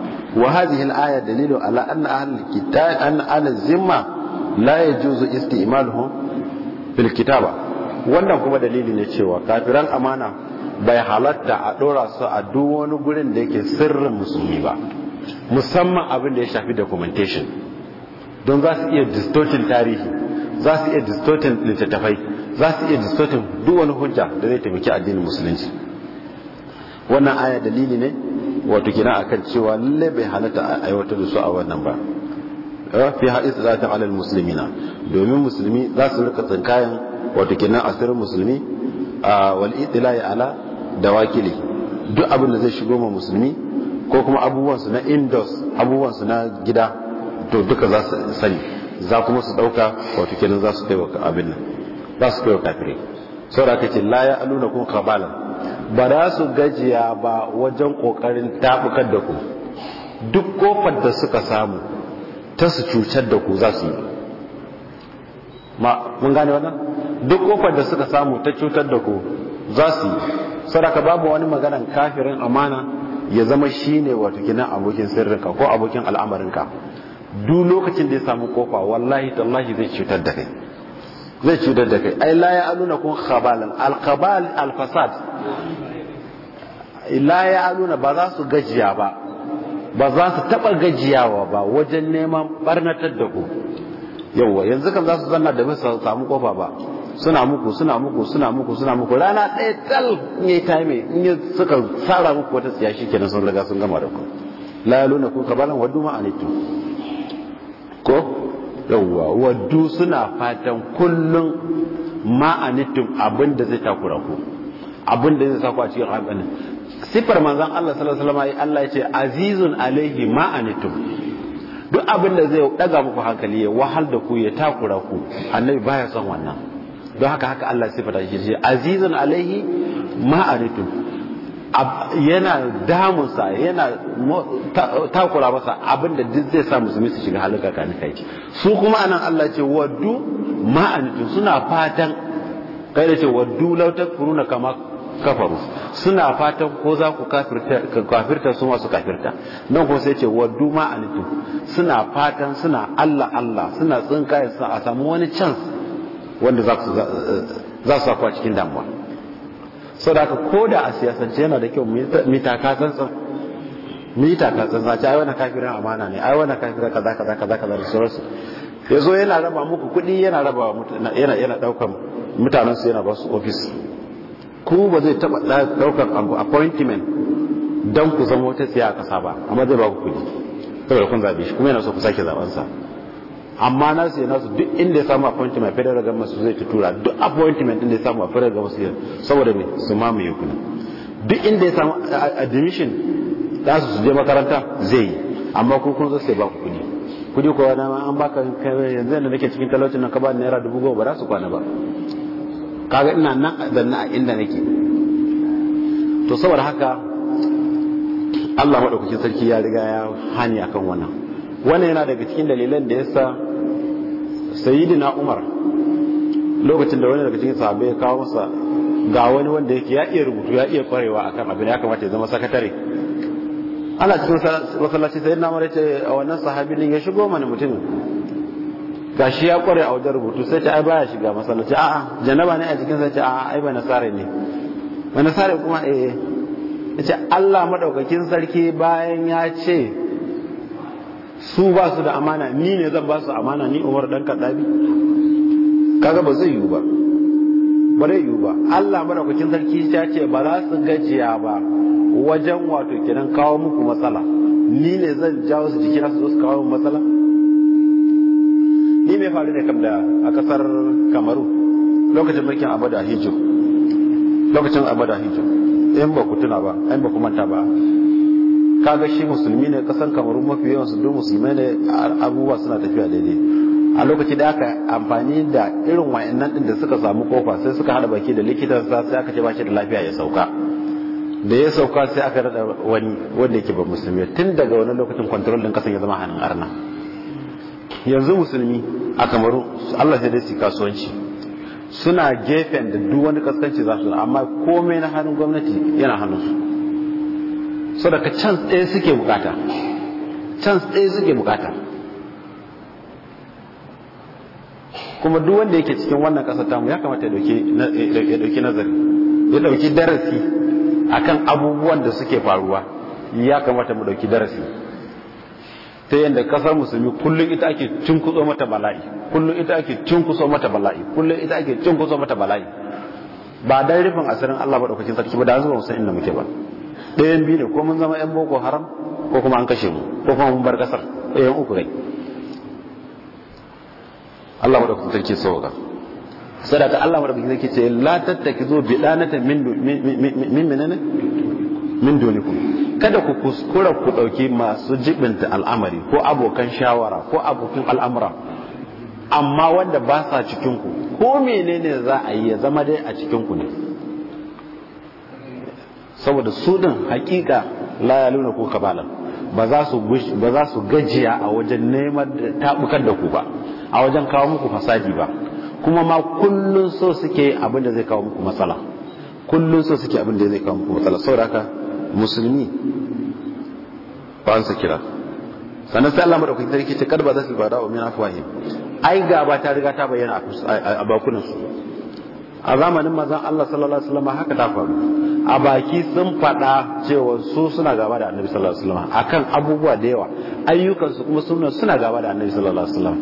wa hadhihi al-aya dalilu ala anna ahlul kitab anna ala zimma la yajuzu isti'maluhum bil kitaba wannan kuma dalili ne cewa kafiran amana bai halatta a dora su a duk wani gurin da yake sirrin musulmi ba musamman abin da ya shafi documentation don za su iya distorting tarihi za su iya distorting littattafai za su iya distorting duk wani hujja da zai taimaki addinin musulunci wannan aya dalili ne wato kina akan cewa lalle bai halatta a aiwatar da su a wannan ba fi hadis zata alal muslimina domin musulmi za su rika tsinkayan wato kina asirin musulmi a wal itlai ala dawakili duk abin da zai shigo ma musulmi ko kuma abubuwan su na indos abubuwan su na gida to duka za su sani za kuma su dauka wato kenan za su kai wa abin nan za su kai wa saboda kace la ya aluna kun ba za su gajiya ba wajen kokarin tabukar da ku duk kofar da suka samu ta su cutar da ku za su yi ma mun gane wannan duk kofar da suka samu ta cutar da ku za su yi sadaka babu wani maganan kafirin amana ya zama shine wata gina abokin sirrinka ko abokin al'amarinka duk lokacin da ya samu kofa wallahi tallahi zai cutar da kai zai cutar da kai ai la ya aluna kun khabalan al khabal al fasad la ya aluna ba za su gajiya ba ba za su taba gajiyawa ba wajen neman barnatar da ku yawwa yanzu kan za su zanna da bisa samu kofa ba suna muku suna muku suna muku suna muku rana ɗaya tal in yi time in yi suka tsara muku wata tsiya shi kenan sun riga sun gama da ku la ya aluna kun kabalan waddu anitu ko yawwa waddu suna fatan kullum ma'anitin abin da zai takura ku abin da zai saku a cikin haɗin sifar manzan Allah sallallahu alaihi wasallam Allah ya ce azizun alaihi ma'anitum duk abin da zai daga muku hankali ya wahal da ku ya takura ku annabi baya son wannan don haka haka Allah da shi azizun alaihi ma'anitum yana damunsa yana takura masa abinda duk zai sa musulmi su shiga halaka ka kai su kuma anan Allah ce waddu ma'anitu suna fatan kai da ce waddu lautar kuruna kama kafaru suna fatan ko za ku kafirta su masu kafirta nan ko sai ce waddu ma'anitu suna fatan suna Allah Allah suna tsinkaya a samu wani chance wanda za su sa cikin damuwa saboda da ko da a siyasance yana da kyau mu taka tsantsan mu yi ce ai wani kafirin amana ne ai wani kafirin kaza kaza kaza kaza da sauransu ya zo yana raba muku kuɗi yana raba yana yana daukan mutanen su yana ba su ofis ku ba zai taɓa daukan abu appointment don ku zama wata siya a ƙasa ba amma zai ba ku kuɗi saboda kun zaɓe shi kuma yana so ku sake zabansa amma na sai nasu duk inda ya samu appointment a federal government su zai ta tura duk appointment inda ya samu a federal government su zai saboda me su mamaye kuna duk inda ya samu admission za su je makaranta zai yi amma ku kun zo sai ba ku kuɗi kuɗi ko na ma an baka yanzu da nake cikin talaucin nan ka ba naira dubu goma ba za su kwana ba kaga ina nan zanna a inda nake to saboda haka Allah maɗaukakin sarki ya riga ya hani akan wannan wannan yana daga cikin dalilan da yasa sayyidina umar lokacin da wani daga cikin sabai ya kawo masa ga wani wanda yake ya iya rubutu ya iya kwarewa akan abin ya kamata ya zama sakatare ana cikin masallaci sai na ce a wannan sahabinin ya shigo mana mutum shi ya kware a wajen rubutu sai ta baya shiga masallaci a'a janaba ne a cikin sai ta a'a ai ba nasare ne ba nasare kuma eh ce Allah madaukakin sarki bayan ya ce su ba su da amana ni ne zan ba su amana ni umar dan kaddabi kaga ba zai yiwu ba ba zai yiwu ba Allah madaukakin sarki ya ce ba za su gajiya ba wajen wato kenan kawo muku matsala ni ne zan jawo su jikina su zo su kawo matsala ni mai faru ne kam da a kasar kamaru lokacin mulkin abada hijo lokacin abada hijo in ba ku tuna ba in ba ku manta ba kaga shi musulmi ne kasan kamarun mafi yawan su duk musulmai ne abubuwa suna tafiya daidai a lokaci da aka amfani da irin wayannan din da suka samu kofa sai suka hada baki da likitan sa sai aka ce ba shi da lafiya ya sauka da ya sauka sai aka rada wani wanda yake ba musulmi tun daga wani lokacin control din kasan ya zama hannun arna yanzu musulmi a kamaru Allah sai dai su kasuwanci suna gefen da duk wani kaskanci za su amma komai na hannun gwamnati yana hannun su so daga can tsaye suke bukata can tsaye suke bukata kuma duk wanda yake cikin wannan ƙasar tamu ya kamata ya ɗauki nazari ya ɗauki darasi akan abubuwan da suke faruwa ya kamata mu ɗauki darasi ta yadda kasar musulmi kullum ita ake cinkuso mata bala'i kullum ita ake cinkuso mata bala'i kullum ita ake cinkuso mata bala'i ba dan rufin asirin Allah ba daukakin sarki ba da zuwa musulmi inda muke ba ɗayan biyu ne ko mun zama yan boko haram ko kuma an kashe mu ko kuma mun bar kasar ɗayan uku ne Allah madaukakin sarki sauka sadaka Allah madaukakin sarki ce la tattakizu bi danatan min min menene min dunikum kada ku kuskura ku dauki masu jibinta al'amari ko abokan shawara ko abokin al'amura amma wanda ba sa cikin ku ko menene za a yi ya zama dai a cikin ku ne saboda su din hakika la yaluna ko kabala ba za su ba za su gajiya a wajen neman tabukar da ku ba a wajen kawo muku fasadi ba kuma ma kullun so suke abin da zai kawo muku matsala kullun so suke abin da zai kawo muku matsala saboda haka musulmi ba sa kira sannan sai Allah madaukakin sarki ce kar ba za su bada wa min afwahim ai gaba ta riga ta bayyana a bakunan su a zamanin mazan Allah sallallahu alaihi wasallam haka ta faru a baki sun faɗa cewa su suna gaba da annabi sallallahu alaihi wasallam akan abubuwa da yawa ayyukan su kuma suna suna gaba da annabi sallallahu alaihi wasallam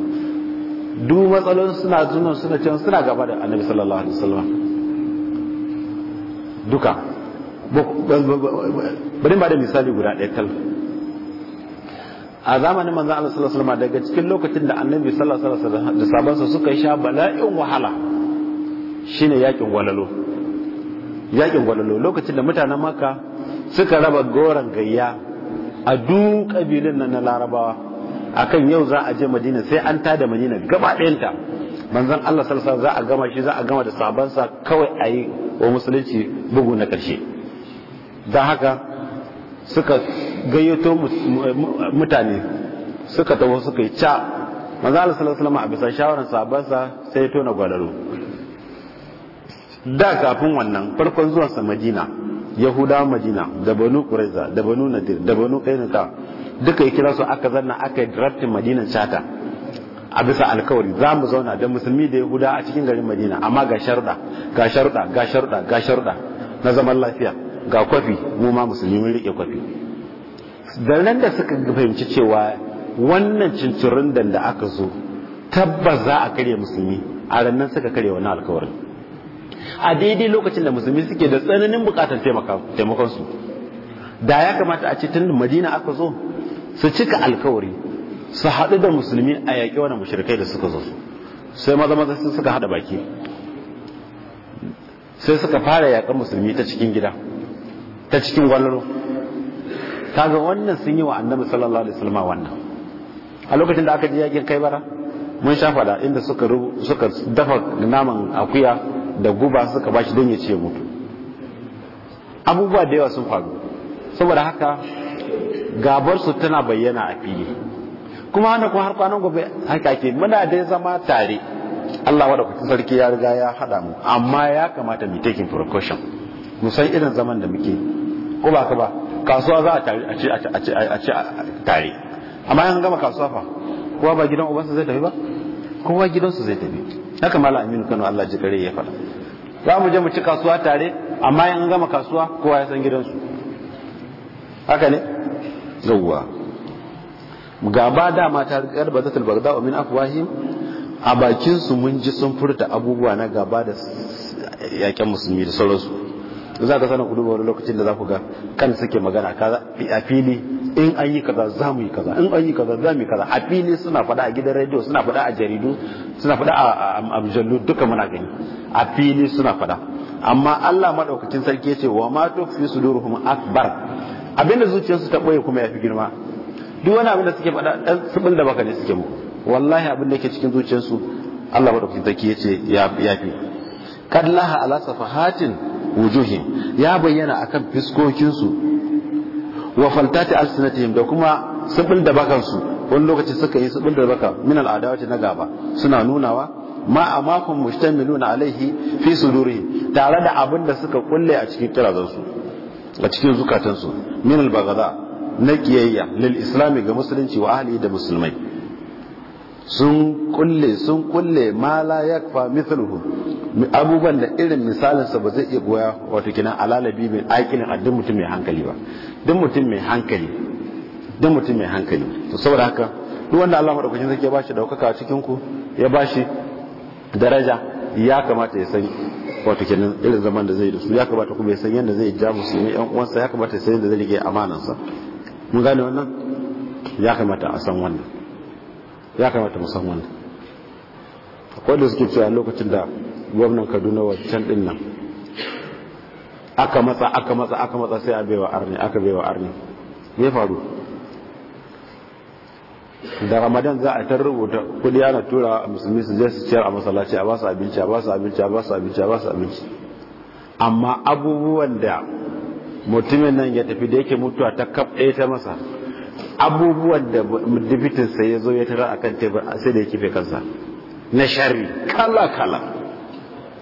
duk matsalolin suna zunan suna cewa suna gaba da annabi sallallahu alaihi wasallam duka bari ba da misali guda ɗaya tal a zamanin manzon Allah sallallahu alaihi wasallam daga cikin lokacin da annabi sallallahu alaihi wasallam da sabansa suka sha bala'in wahala shine yakin gwalalo yakin gwalalo lokacin da mutanen maka suka raba goron gayya a duk kabilin nan na larabawa akan yau za a je madina sai an tada madina gaba ɗayanta manzon Allah sallallahu za a gama shi za a gama da sabansa kawai a yi wa musulunci bugu na ƙarshe da haka suka gayyato mutane suka tawo suka yi ca manzon Allah sallallahu alaihi wasallam a bisa shawaran sabansa sai ya tona gwalalo da kafin wannan farkon zuwan sa madina yahuda madina da banu quraiza da banu nadir da banu qainuqa duka ya kira su aka zanna aka yi draftin madina chata a bisa alkawari za mu zauna da musulmi da yahuda a cikin garin madina amma ga sharuɗa ga sharuɗa ga sharuɗa ga sharuɗa na zaman lafiya ga kwafi mu ma musulmi mun riƙe kwafi da nan da suka fahimci cewa wannan cincirin da aka zo tabbas za a karya musulmi a nan suka karya wannan alkawarin a daidai lokacin da musulmi suke da tsananin bukatar taimakon su da ya kamata a ce tun madina aka zo su cika alkawari su haɗu da musulmi a yaƙi wani mushrikai da suka zo su sai maza maza sun suka haɗa baki sai suka fara yaƙan musulmi ta cikin gida ta cikin gwalaro kaga wannan sun yi wa annabi sallallahu alaihi wasallam wannan a lokacin da aka je yakin kai bara mun sha fada inda suka suka dafa naman akuya da guba suka bashi don ya ce mutu abubuwa da yawa sun faru saboda haka su tana bayyana a fili kuma hana kuma har kwanan gobe haka ake muna dai zama tare Allah wada kuka sarki ya riga ya haɗa mu amma ya kamata mu taking precaution mu san irin zaman da muke ko ba ka ba kasuwa za a ce tare amma yan gama kasuwa fa kowa ba gidan ubansa zai tafi ba kowa gidansu zai tafi haka mala aminu kano Allah ji kare ya faɗa za mu je mu ci kasuwa tare amma in gama kasuwa kowa ya san gidansu haka ne gaba dama ta rikar ba zatul bagda wa min afwahim a bakin su mun ji sun furta abubuwa na gaba da yaƙen musulmi da sauransu za ka sanar ku wani lokacin da za ku ga kan suke magana kaza a fili in an yi kaza za mu yi kaza in an yi kaza za mu yi kaza a fili suna faɗa a gidan rediyo suna faɗa a jaridu suna faɗa a mujallu duka muna gani a fili suna faɗa amma Allah maɗaukacin sarki ce wa ma duru kuma akbar abinda zuciyarsu ta ɓoye kuma ya fi girma duk wani abin da suke faɗa ɗan tsibin da baka ne suke mu wallahi abin da ke cikin zuciyarsu Allah maɗaukacin sarki ya ce ya fi kad laha ala safahatin wujuhin ya bayyana akan fiskokinsu wa faltati alsinatihim da kuma subul da su wani lokaci suka yi subul da baka min al'adawati na gaba suna nunawa ma a makon mustamiluna alaihi fi suduri tare da abin da suka kulle a cikin kirazansu a cikin zukatansu min al na kiyayya lil islami ga musulunci wa ahali da musulmai sun kulle sun kulle ma la yakfa mithluhu abubuwan da irin misalin sa ba zai iya goya wato kina alalabi mai aikinin a duk mutum mai hankali ba duk mutum mai hankali duk mutum mai hankali to saboda haka duk wanda Allah madaukakin sarki ya bashi daukaka cikin ku ya bashi daraja ya kamata ya san wato kenan irin zaman da zai da su ya kamata kuma ya san yadda zai ja ne yan uwansa ya kamata ya san yanda zai rike amanansa mun gane wannan ya kamata a san wannan ya kamata musamman akwai da suke cewa lokacin da gwamnan kaduna wancan din nan aka matsa aka matsa aka matsa sai a baiwa arni aka baiwa arni ne faru da ramadan za a tar rubuta kudi ana tura a musulmi su je su ciyar a masallaci a basu abinci a basu abinci a basu abinci a basu abinci amma abubuwan da mutumin nan ya tafi da yake mutuwa ta kaf ɗaya ta masa abubuwan da dibitinsa ya zo ya tara a kan tebur sai da ya kife kansa na shari kala-kala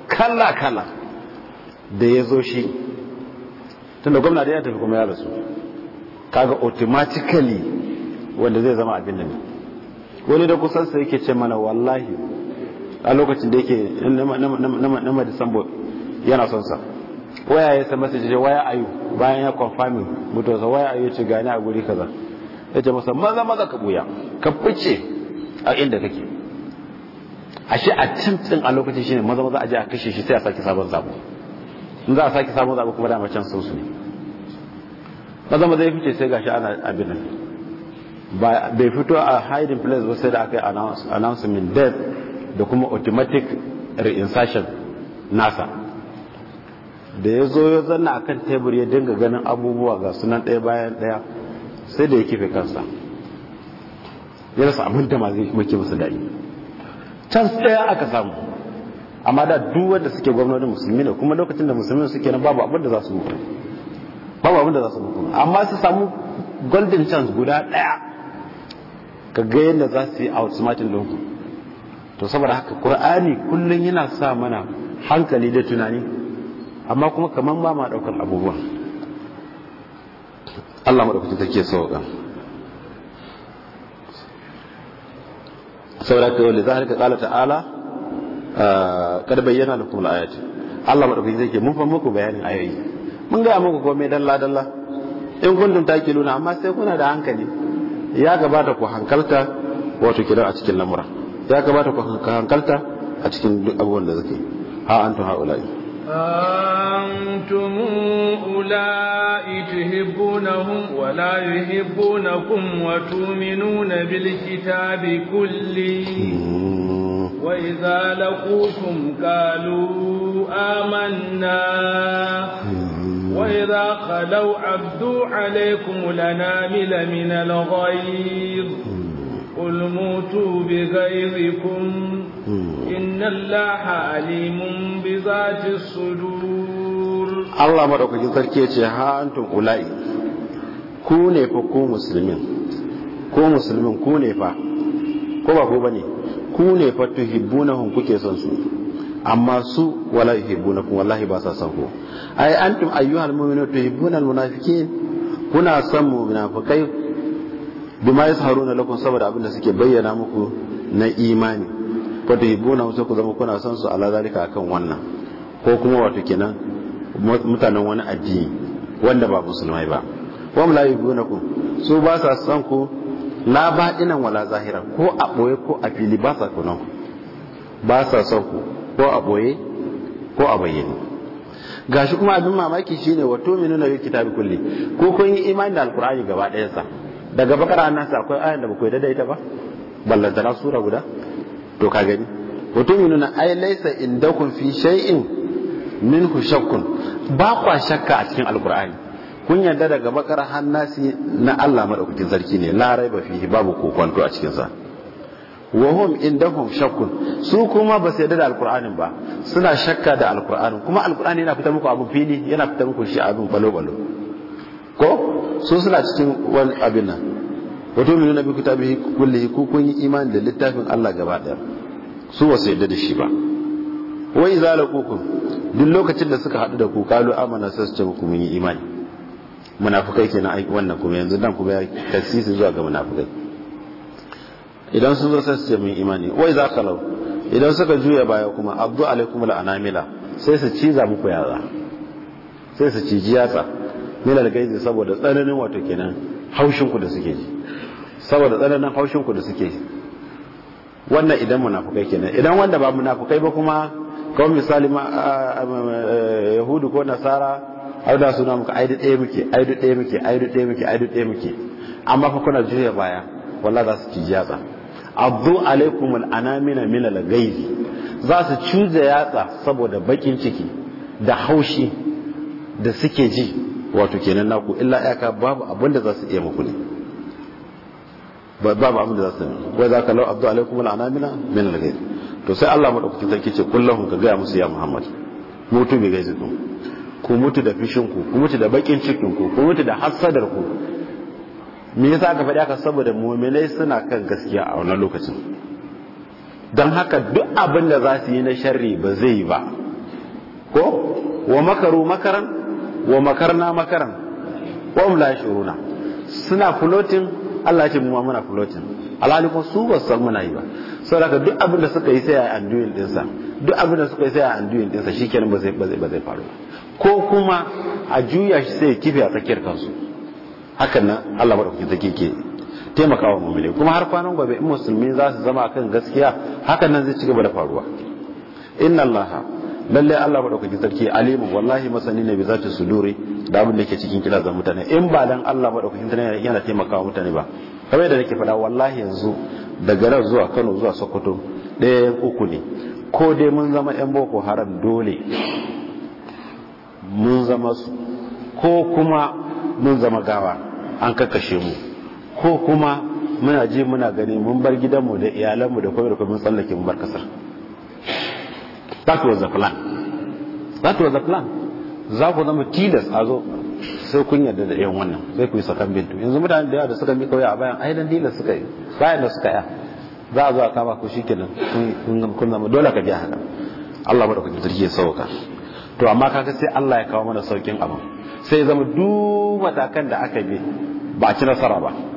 kala-kala da ya zo shi tunda gwamna da ya tafi kuma ya rasu kaga automatically wanda zai zama abin da ne wani da kusansa yake ce mana wallahi a lokacin da yake nama sambo yana son sa waya ya sa masa ce waya ayu bayan ya confirming sa waya ayu ce gani a guri kaza ya ce masa maza maza ka buya ka fice a inda kake ashe a can din a lokacin shine maza maza a je a kashe shi sai a sake sabon zabo in za a sake sabon zabo kuma dama can sun su ne maza maza ya fice sai gashi ana abin nan bai fito a hiding place ba sai da aka yi announcement death da kuma automatic reinsertion nasa da ya zo ya zanna kan tebur ya dinga ganin abubuwa ga sunan ɗaya bayan ɗaya sai da ya kife kansa ya rasa abin da ma maki masa daɗi can tsaya aka samu amma da duk wanda suke gwamnonin musulmi ne kuma lokacin da musulmi suke nan babu abin da za su mutu babu abin da za su mutu amma su samu golden chance guda ɗaya ka ga yadda za su yi a don ku. to saboda haka ƙura'ani kullum yana sa mana hankali da tunani amma kuma kamar ba ma ɗaukar abubuwan Allah madaukakin sarki ya sauka sauraka wanda zahar ka kala ta'ala kad bayyana lakum kuma ayat Allah madaukakin sarki mun fa muku bayanin ayoyi mun ga muku mai dalla dalla in kuntum takiluna amma sai kuna da hankali ya gabata ku hankalta wato kidan a cikin lamura ya gabata ku hankalta a cikin duk abubuwan da zake ha antu ha'ula'i أنتم أولئك تحبونهم ولا يحبونكم وتؤمنون بالكتاب كله وإذا لقوكم قالوا آمنا وإذا خلوا عبدوا عليكم لنامل من الغيظ قل موتوا بغيظكم inna allaha alimun bi zati sudur Allah madaukakin sarki ya ce ha antum ulai ku ne fa ku musulmin ku musulmin ku ne fa ko ba ku bane ku ne fa tuhibbunahum kuke son su amma su wala yuhibbunakum wallahi ba sa son ku ai antum ayyuhal mu'minun tuhibbuna munafiqin kuna son munafikai bima yasharuna lakum saboda abin da suke bayyana muku na imani fatuhibuna wasu ku zama kuna son su ala zalika akan wannan ko kuma wato kenan mutanen wani addini wanda ba musulmai ba wa la ku su ba sa son ku la badinan wala zahira ko a boye ko a fili ba sa kunan ba sa son ku ko a boye ko a bayyane gashi kuma abin mamaki shi shine wa nuna bil kitabi kulle ko kun yi imani da alqur'ani gaba ɗayansa daga bakara nan sa akwai ayan da ba ku yadda ita ba ballantana sura guda to ka gani mutumin nuna ai laisa indakum fi shay'in minhu shakkun ba kwa shakka a cikin alqur'ani kun yarda daga bakar hannasi na Allah madaukakin sarki ne la raiba fihi babu to a cikin sa wa hum indahum shakkun su kuma ba su yadda da alqur'ani ba suna shakka da alqur'ani kuma alqur'ani yana fita muku abu fili yana fita muku shi abin balo balo ko su suna cikin wani abin nan wato mai nuna bi kitabi kulle ku kun yi imani da littafin Allah gaba daya su wasu yadda da shi ba wa idza laqukum duk lokacin da suka hadu da ku kalu amana sai su ce ku mun yi imani munafikai kenan ai wannan kuma yanzu dan kuma su zuwa ga munafikai idan sun zo sai su ce mun imani wa idza kalau idan suka juya baya kuma abdu alaikum mila sai su ciza muku yaza sai su ciji yatsa milal gaizi saboda tsananin wato kenan haushin ku da suke ji saboda tsananin haushin ku da suke wannan idan munafukai kenan idan wanda ba munafukai ba kuma kawo misali yahudu ko nasara au da suna muka aidu ɗaya muke aidu ɗaya muke aidu ɗaya muke aidu ɗaya muke amma fa kuna juya baya wanda za su ci yatsa. abdu alaikum al'anamina min al za su cuza yatsa saboda bakin ciki da haushi da suke ji wato kenan naku illa iyaka babu abin da za su iya muku ne babu abin da za su yi wai za ka lau abdu alaikum al'anamina min al-ghayb to sai Allah madaukakin sarki ce kullahum ka gaya musu ya Muhammad mutu bi gaizikum ku mutu da fishin ku ku mutu da bakin cikin ku ku mutu da hasadar ku me yasa aka faɗi haka saboda mu'minai suna kan gaskiya a wannan lokacin don haka duk abin da za su yi na sharri ba zai yi ba ko wa makaru makaran wa makarna makaran wa um la shuruna suna floating Allah ce mu muna floating alhali kuma su ba san muna yi ba saboda duk abin da suka yi sai a undoing dinsa duk abin da suka yi sai a undoing dinsa shikenan ba zai ba zai faru ko kuma a juya shi sai kife a tsakiyar kansu hakan nan Allah madaukakin take ke taimakawa mu'mini kuma har kwanan gobe in musulmi za su zama akan gaskiya hakan nan zai ci gaba da faruwa inna allaha lallai Allah madaukakin sarki alimu wallahi masani ne bi zati suduri da abin da ke cikin kilazan mutane in ba dan Allah madaukakin sarki yana taimakawa mutane ba kamar da nake faɗa wallahi yanzu daga nan zuwa Kano zuwa Sokoto ɗaya uku ne ko dai mun zama yan boko haram dole mun zama su ko kuma mun zama gawa an kakkashe mu ko kuma muna ji muna gani mun bar gidanmu da iyalanmu da kwamar mun tsallake mu bar kasar that was the plan that was the plan za ku zama tilas a zo sai kun yarda da yan wannan sai ku yi sakan bintu yanzu mutane da yawa da suka miƙa a bayan ainihin dan tilas suka yi bayan da suka ya za a zo a kama ku shikenan kun zama dole ka biya haka Allah da sarki ya sauka to amma kaga sai Allah ya kawo mana saukin abu sai zama duk matakan da aka bi ba a ci nasara ba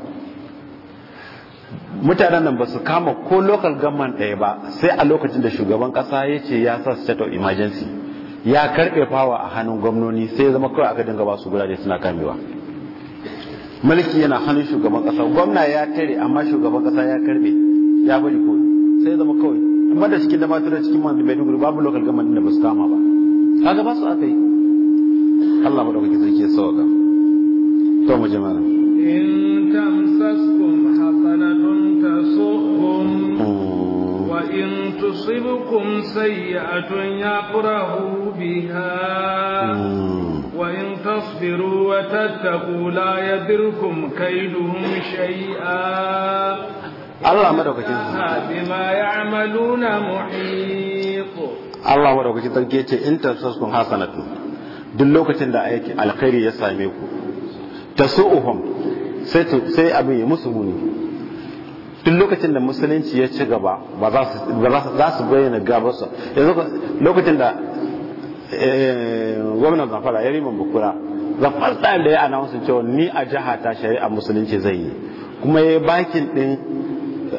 mutanen nan ba su kama ko local government ɗaya ba sai a lokacin da shugaban ƙasa ya ce ya sa state of emergency ya karɓe fawa a hannun gwamnoni sai zama kawai aka dinga ba su gurare suna kamewa mulki yana hannun shugaban ƙasa gwamna ya tare amma shugaban ƙasa ya karɓe ya bari ko sai zama kawai amma da cikin da matura cikin man Maiduguri babu local government da ba su kama ba kaga ba su aka yi Allah madaukakin sarki ya sauka to mu jama'a Tusibukum تصبكم سيئة يفرحوا بها وإن تصبروا وتتقوا لا يدركم كيدهم شيئا Allah madaukakin bima ya'maluna muhit Allah madaukakin sarki yace in tasaskum hasanatu duk lokacin da aiki alkhairi ya same ku tasu'uhum sai sai abin ya musu muni duk lokacin da musulunci ya ci gaba ba za su bayyana su yanzu lokacin da eh, gwamnan zafara ya riman bukura zafar tsayin da ya anawusin cewa ni a jiha ta shari'a musulunci zai yi kuma ya yi bakin ɗin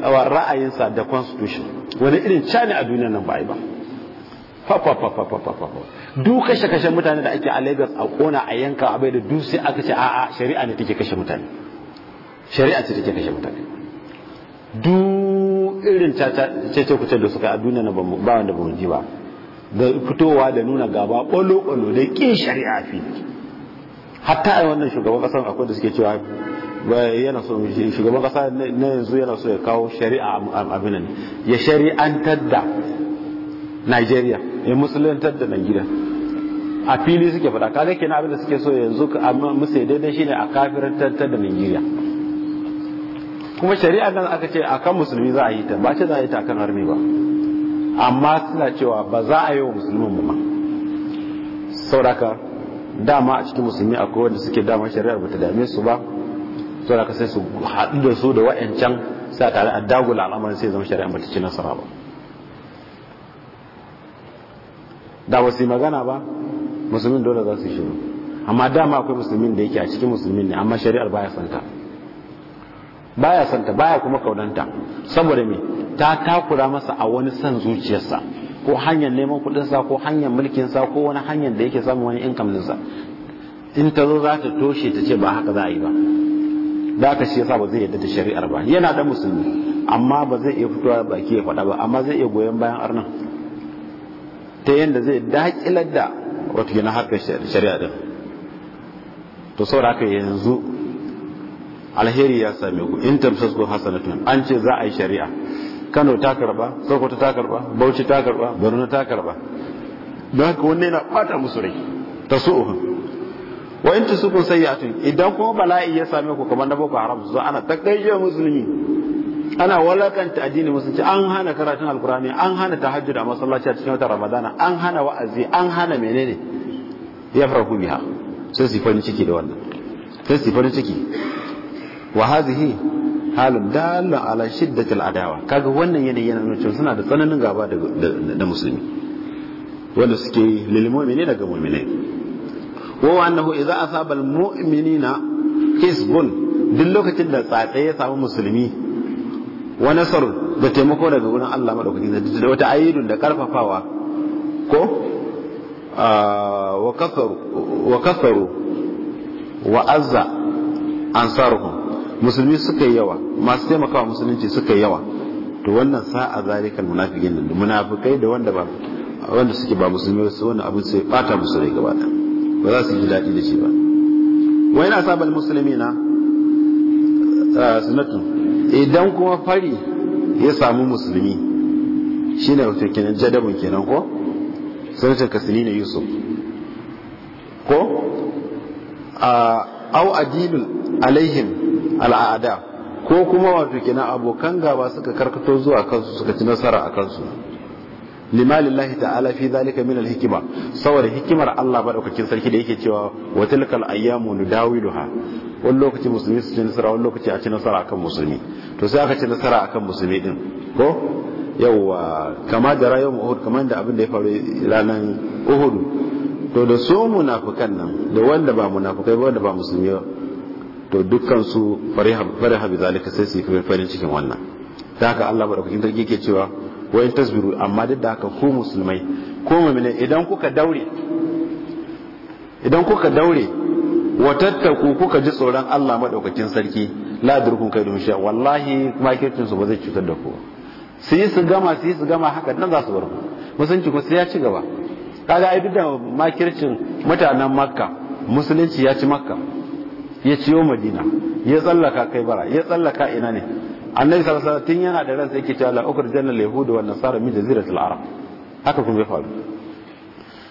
eh, ra'ayinsa da constitution wani irin cani a duniya nan bai yi ba duk kashe kashe mutane da ake a lagos a kona a yanka abai da dusi aka ce a'a shari'a ne take kashe mutane shari'a ce take kashe mutane duk irin cece kucin da suka a duniya na ba wanda ba ji ba da fitowa da nuna gaba ƙwalo-ƙwalo da ƙin shari'a fi hatta a wannan shugaban ƙasar akwai da suke cewa yana so shugaban ƙasa na yanzu yana so ya kawo shari'a abin nan ya shari'antar da Najeriya ya musulantar da Najeriya a fili suke faɗa kaga kenan abin da suke so yanzu musu daidai shine a kafirantar da Najeriya kuma shari'a nan aka ce akan musulmi za a yi ta ba ce za a yi ta akan harmi ba amma suna cewa ba za a yi wa musulmin ba sauraka dama a cikin musulmi akwai wanda suke dama shari'ar ba ta dame su ba sauraka sai su haɗu da su da wa'ancan sai a tare a dagula al'amarin sai zama shari'ar ba ta ci nasara ba da ba su yi magana ba musulmin dole za su shiru amma dama akwai musulmin da yake a cikin musulmin ne amma shari'ar baya santa baya santa baya kuma kaunanta saboda me ta takura masa a wani san zuciyarsa ko hanyar neman kuɗinsa ko hanyar mulkinsa ko wani hanyar da yake samun wani income ɗinsa in ta zo za ta toshe ta ce ba haka za a yi ba da aka shi yasa ba zai yadda da shari'ar ba yana da musulmi amma ba zai iya fitowa baki ya faɗa ba amma zai iya goyon bayan arnan ta yadda zai daƙilar da wato gina harkar shari'a din to saboda haka yanzu alheri ya same ku in tamsasku hasanatun an ce za a yi shari'a Kano ta karba Sokoto ta karba Bauchi ta karba Borno ta karba don haka wannan yana bata musu rai ta su'uhun wa in tusukun sayyi'atun idan kuma bala'i ya same ku kamar na boko haram zo ana takaije musulmi ana walakanta addinin musulunci an hana karatun alkurani an hana tahajjud a masallaci a cikin watan ramadana an hana wa'azi an hana menene ya farku biha sai su farin ciki da wannan sai su farin ciki wa hadhihi halun dalla ala shiddatil adawa kaga wannan yanayi yana nuna suna da tsananin gaba da musulmi wanda suke lil mu'mini daga mu'minai wa annahu idza asaba al mu'minina hisbun duk lokacin da tsatsa ya samu musulmi wa nasar da taimako daga wurin Allah madaukakin da wata ayyudun da karfafawa ko ah, wa kasaru wa azza ansaruhum musulmi suka yi yawa masu taimakawa musulunci suka yi yawa to wannan sa'a zalikan munafikin nan munafikai da wanda ba wanda suke ba musulmi su wannan abin sai bata musu rai gaba ba za su ji daɗi da shi ba wa yana sabal na ah, sunatu idan kuma fari ya samu musulmi shine wato kenan jadabun kenan ko kasini kasnina yusuf ko a ah, au adilun alaihim al'ada ko kuma wato kina abokan gaba suka karkato zuwa kansu suka ci nasara a kansu limalillahi ta'ala fi zalika min alhikma saboda hikimar Allah madaukakin sarki da yake cewa wa tilkal ayyamu nudawiluha wani lokaci musulmi su ci nasara wani lokaci a ci nasara akan musulmi to sai aka ci nasara akan musulmi din ko yawwa kama da rayuwar uhud kamar da abin da ya faru ranar uhud to da su munafukan nan da wanda ba munafukai ba wanda ba musulmi ba to dukkan su fariha habi zalika sai su yi farin cikin wannan ta haka Allah madaukakin sarki yake cewa wa in tasbiru amma duk da haka ku musulmai ko mu'mini idan kuka daure idan kuka daure wa tattaku kuka ji tsoron Allah madaukakin sarki la durkun kai dum sha wallahi makircin su ba zai cutar da ku su yi su gama su yi su gama haka nan za su bar ku musulunci ko sai ya ci gaba kaga ai duk da makircin mutanen makka musulunci ya ci makka ya ciyo madina ya tsallaka kai bara ya tsallaka ina ne annabi sallallahu alaihi tun yana da ransa yake cewa la ukur janna al-yahud wa nasara min jaziratil arab haka kuma ya faru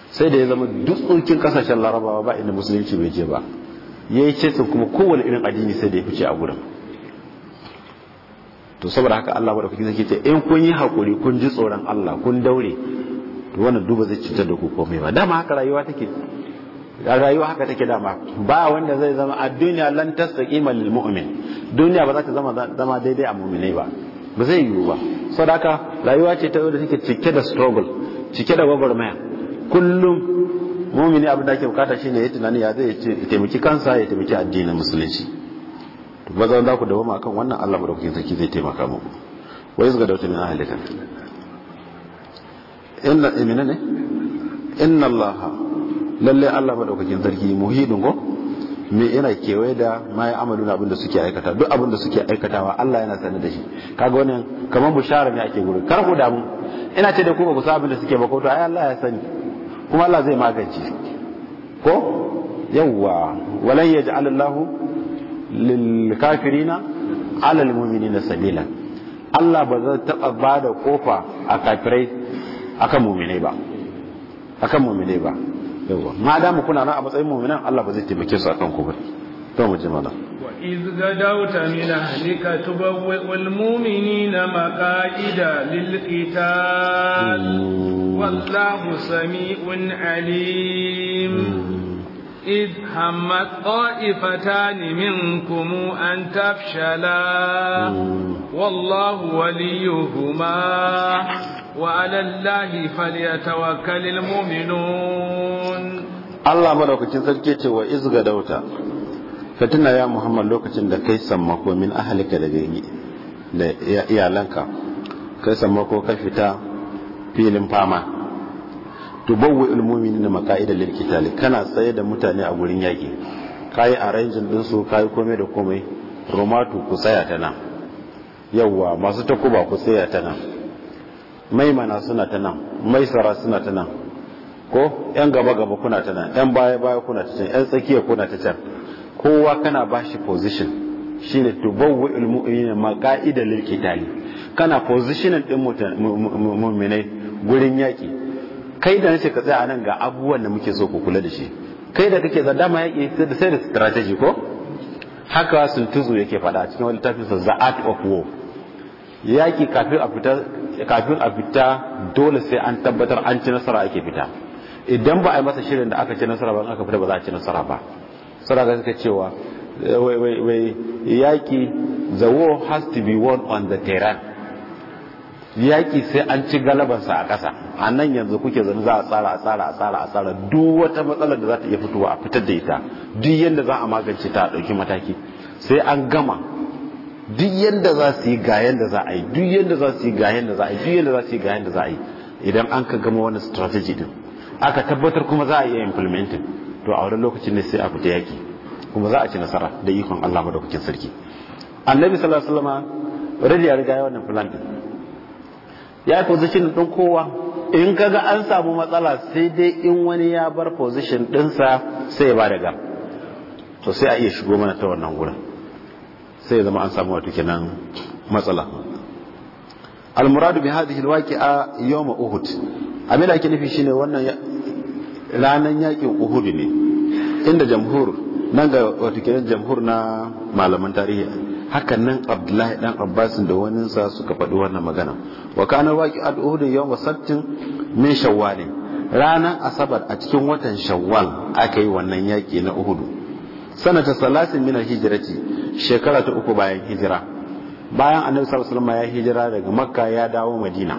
sai da ya zama duk tsokin kasashen larabawa ba inda musulunci bai je ba yayi ce kuma kowane irin addini sai da ya fice a gurin to saboda haka Allah kuke zai ce in kun yi hakuri kun ji tsoron Allah kun daure to wannan duba zai cutar da ku komai ba dama haka rayuwa take rayuwa haka take dama ba wanda zai zama a duniya lan tastaqima lil mu'min duniya ba za ta zama zama daidai a mu'mini ba ba zai yiwu ba sadaka rayuwa ce ta da take cike da struggle cike da gwagwarmaya kullum mu'mini abin da ake bukata shine ya tunani ya zai taimaki kansa ya taimaki addinin musulunci ba za ku ma akan wannan Allah madaukakin sarki zai taimaka muku wai zuga da wata min ahlikan inna ne inna allaha lallai Allah madaukakin sarki muhidin go me yana kewaye da mai amalu na abin da suke aikata duk abin da suke aikatawa Allah yana sanar da shi kaga wannan kamar bushara ne ake gurin kar ku damu ina ce da ku ba ku san abin da suke ba ko to ai Allah ya sani kuma Allah zai magance ko yawwa walan yaj'al Allahu lil kafirina ala al mu'minina sabila Allah ba zai taba bada kofa a kafirai akan mu'minai ba akan mu'minai ba yawa ma da mu kuna nan a matsayin mu'minan Allah ba zai taimake su akan ku ba to mu ji mana wa iz gadawta min ahlika tubawwi wal mu'minina maqaida lil qital mm. wallahu sami'un alim إذ همت طائفتان منكم أن تفشلا والله وليهما وعلى الله فليتوكل المؤمنون الله مدوكتين سلكيتي وإذ غدوتا فتنا يا محمد لوكتين دا كي سمكو من أهلك دا iyalanka kai sammako ka fita filin fama tubawwi ne na maka'ida lilkitali kana tsaye da mutane a gurin yaƙi kayi a ranjin ɗinsu kayi komai da komai romatu ku tsaya ta yawwa masu takuba ku tsaya ta maimana suna ta nan maisara suna ta nan ko yan gaba gaba kuna ta nan yan baya baya kuna ta can yan tsakiya kuna ta can kowa kana bashi position shine tubawwi almu'minina maqaida lil qitali kana positioning din mu'minai gurin yaƙi. kai da nace ka tsaya nan ga abubuwan da muke so ku kula da shi kai da kake dama yaƙi sai da strategy ko haka sun tuzu yake faɗa cikin wani tafi sa the art of war yaƙi kafin a fita dole sai an tabbatar an ci nasara ake fita idan ba a yi masa shirin da aka ci nasara ba aka fita ba za a ci nasara ba saraka suka cewa eh, wai yaƙi the war has to be won on the terrain yaƙi sai an ci galabarsa a ƙasa a nan yanzu kuke zan za a tsara a tsara a tsara a tsara duk wata matsalar da za ta iya fitowa a fitar da ita duk yadda za a magance ta a ɗauki mataki sai an gama duk yanda za su yi ga yanda za a yi duk yanda za su yi ga yanda za a yi duk yanda za su yi ga yanda za a yi idan an ka gama wani strategy din aka tabbatar kuma za a iya implementing to a wani lokacin ne sai a fita yaki kuma za a ci nasara da ikon Allah madaukakin sarki annabi sallallahu alaihi wasallam radiya riga ya wannan plan din ya position din kowa in kaga an samu matsala sai dai in wani ya bar position dinsa sai ya ba gam to sai a iya shigo mana ta wannan gurin sai zama an samu wata kenan matsala almuradu bi hadhihi a yawm uhud amila nufi shine wannan ranan yakin uhud ne inda jamhur nan ga wata kenan jamhur na malaman tarihi hakan nan abdullahi dan abbas da sa suka faɗi wannan magana wa kana waqi'at uhud yawm sabtin min shawwal ranan asabar a cikin watan shawwal aka yi wannan yaki na uhud ta salatin mina hijirati shekara ta uku bayan hijira bayan annabi sallallahu alaihi wasallam ya hijira daga makka ya dawo madina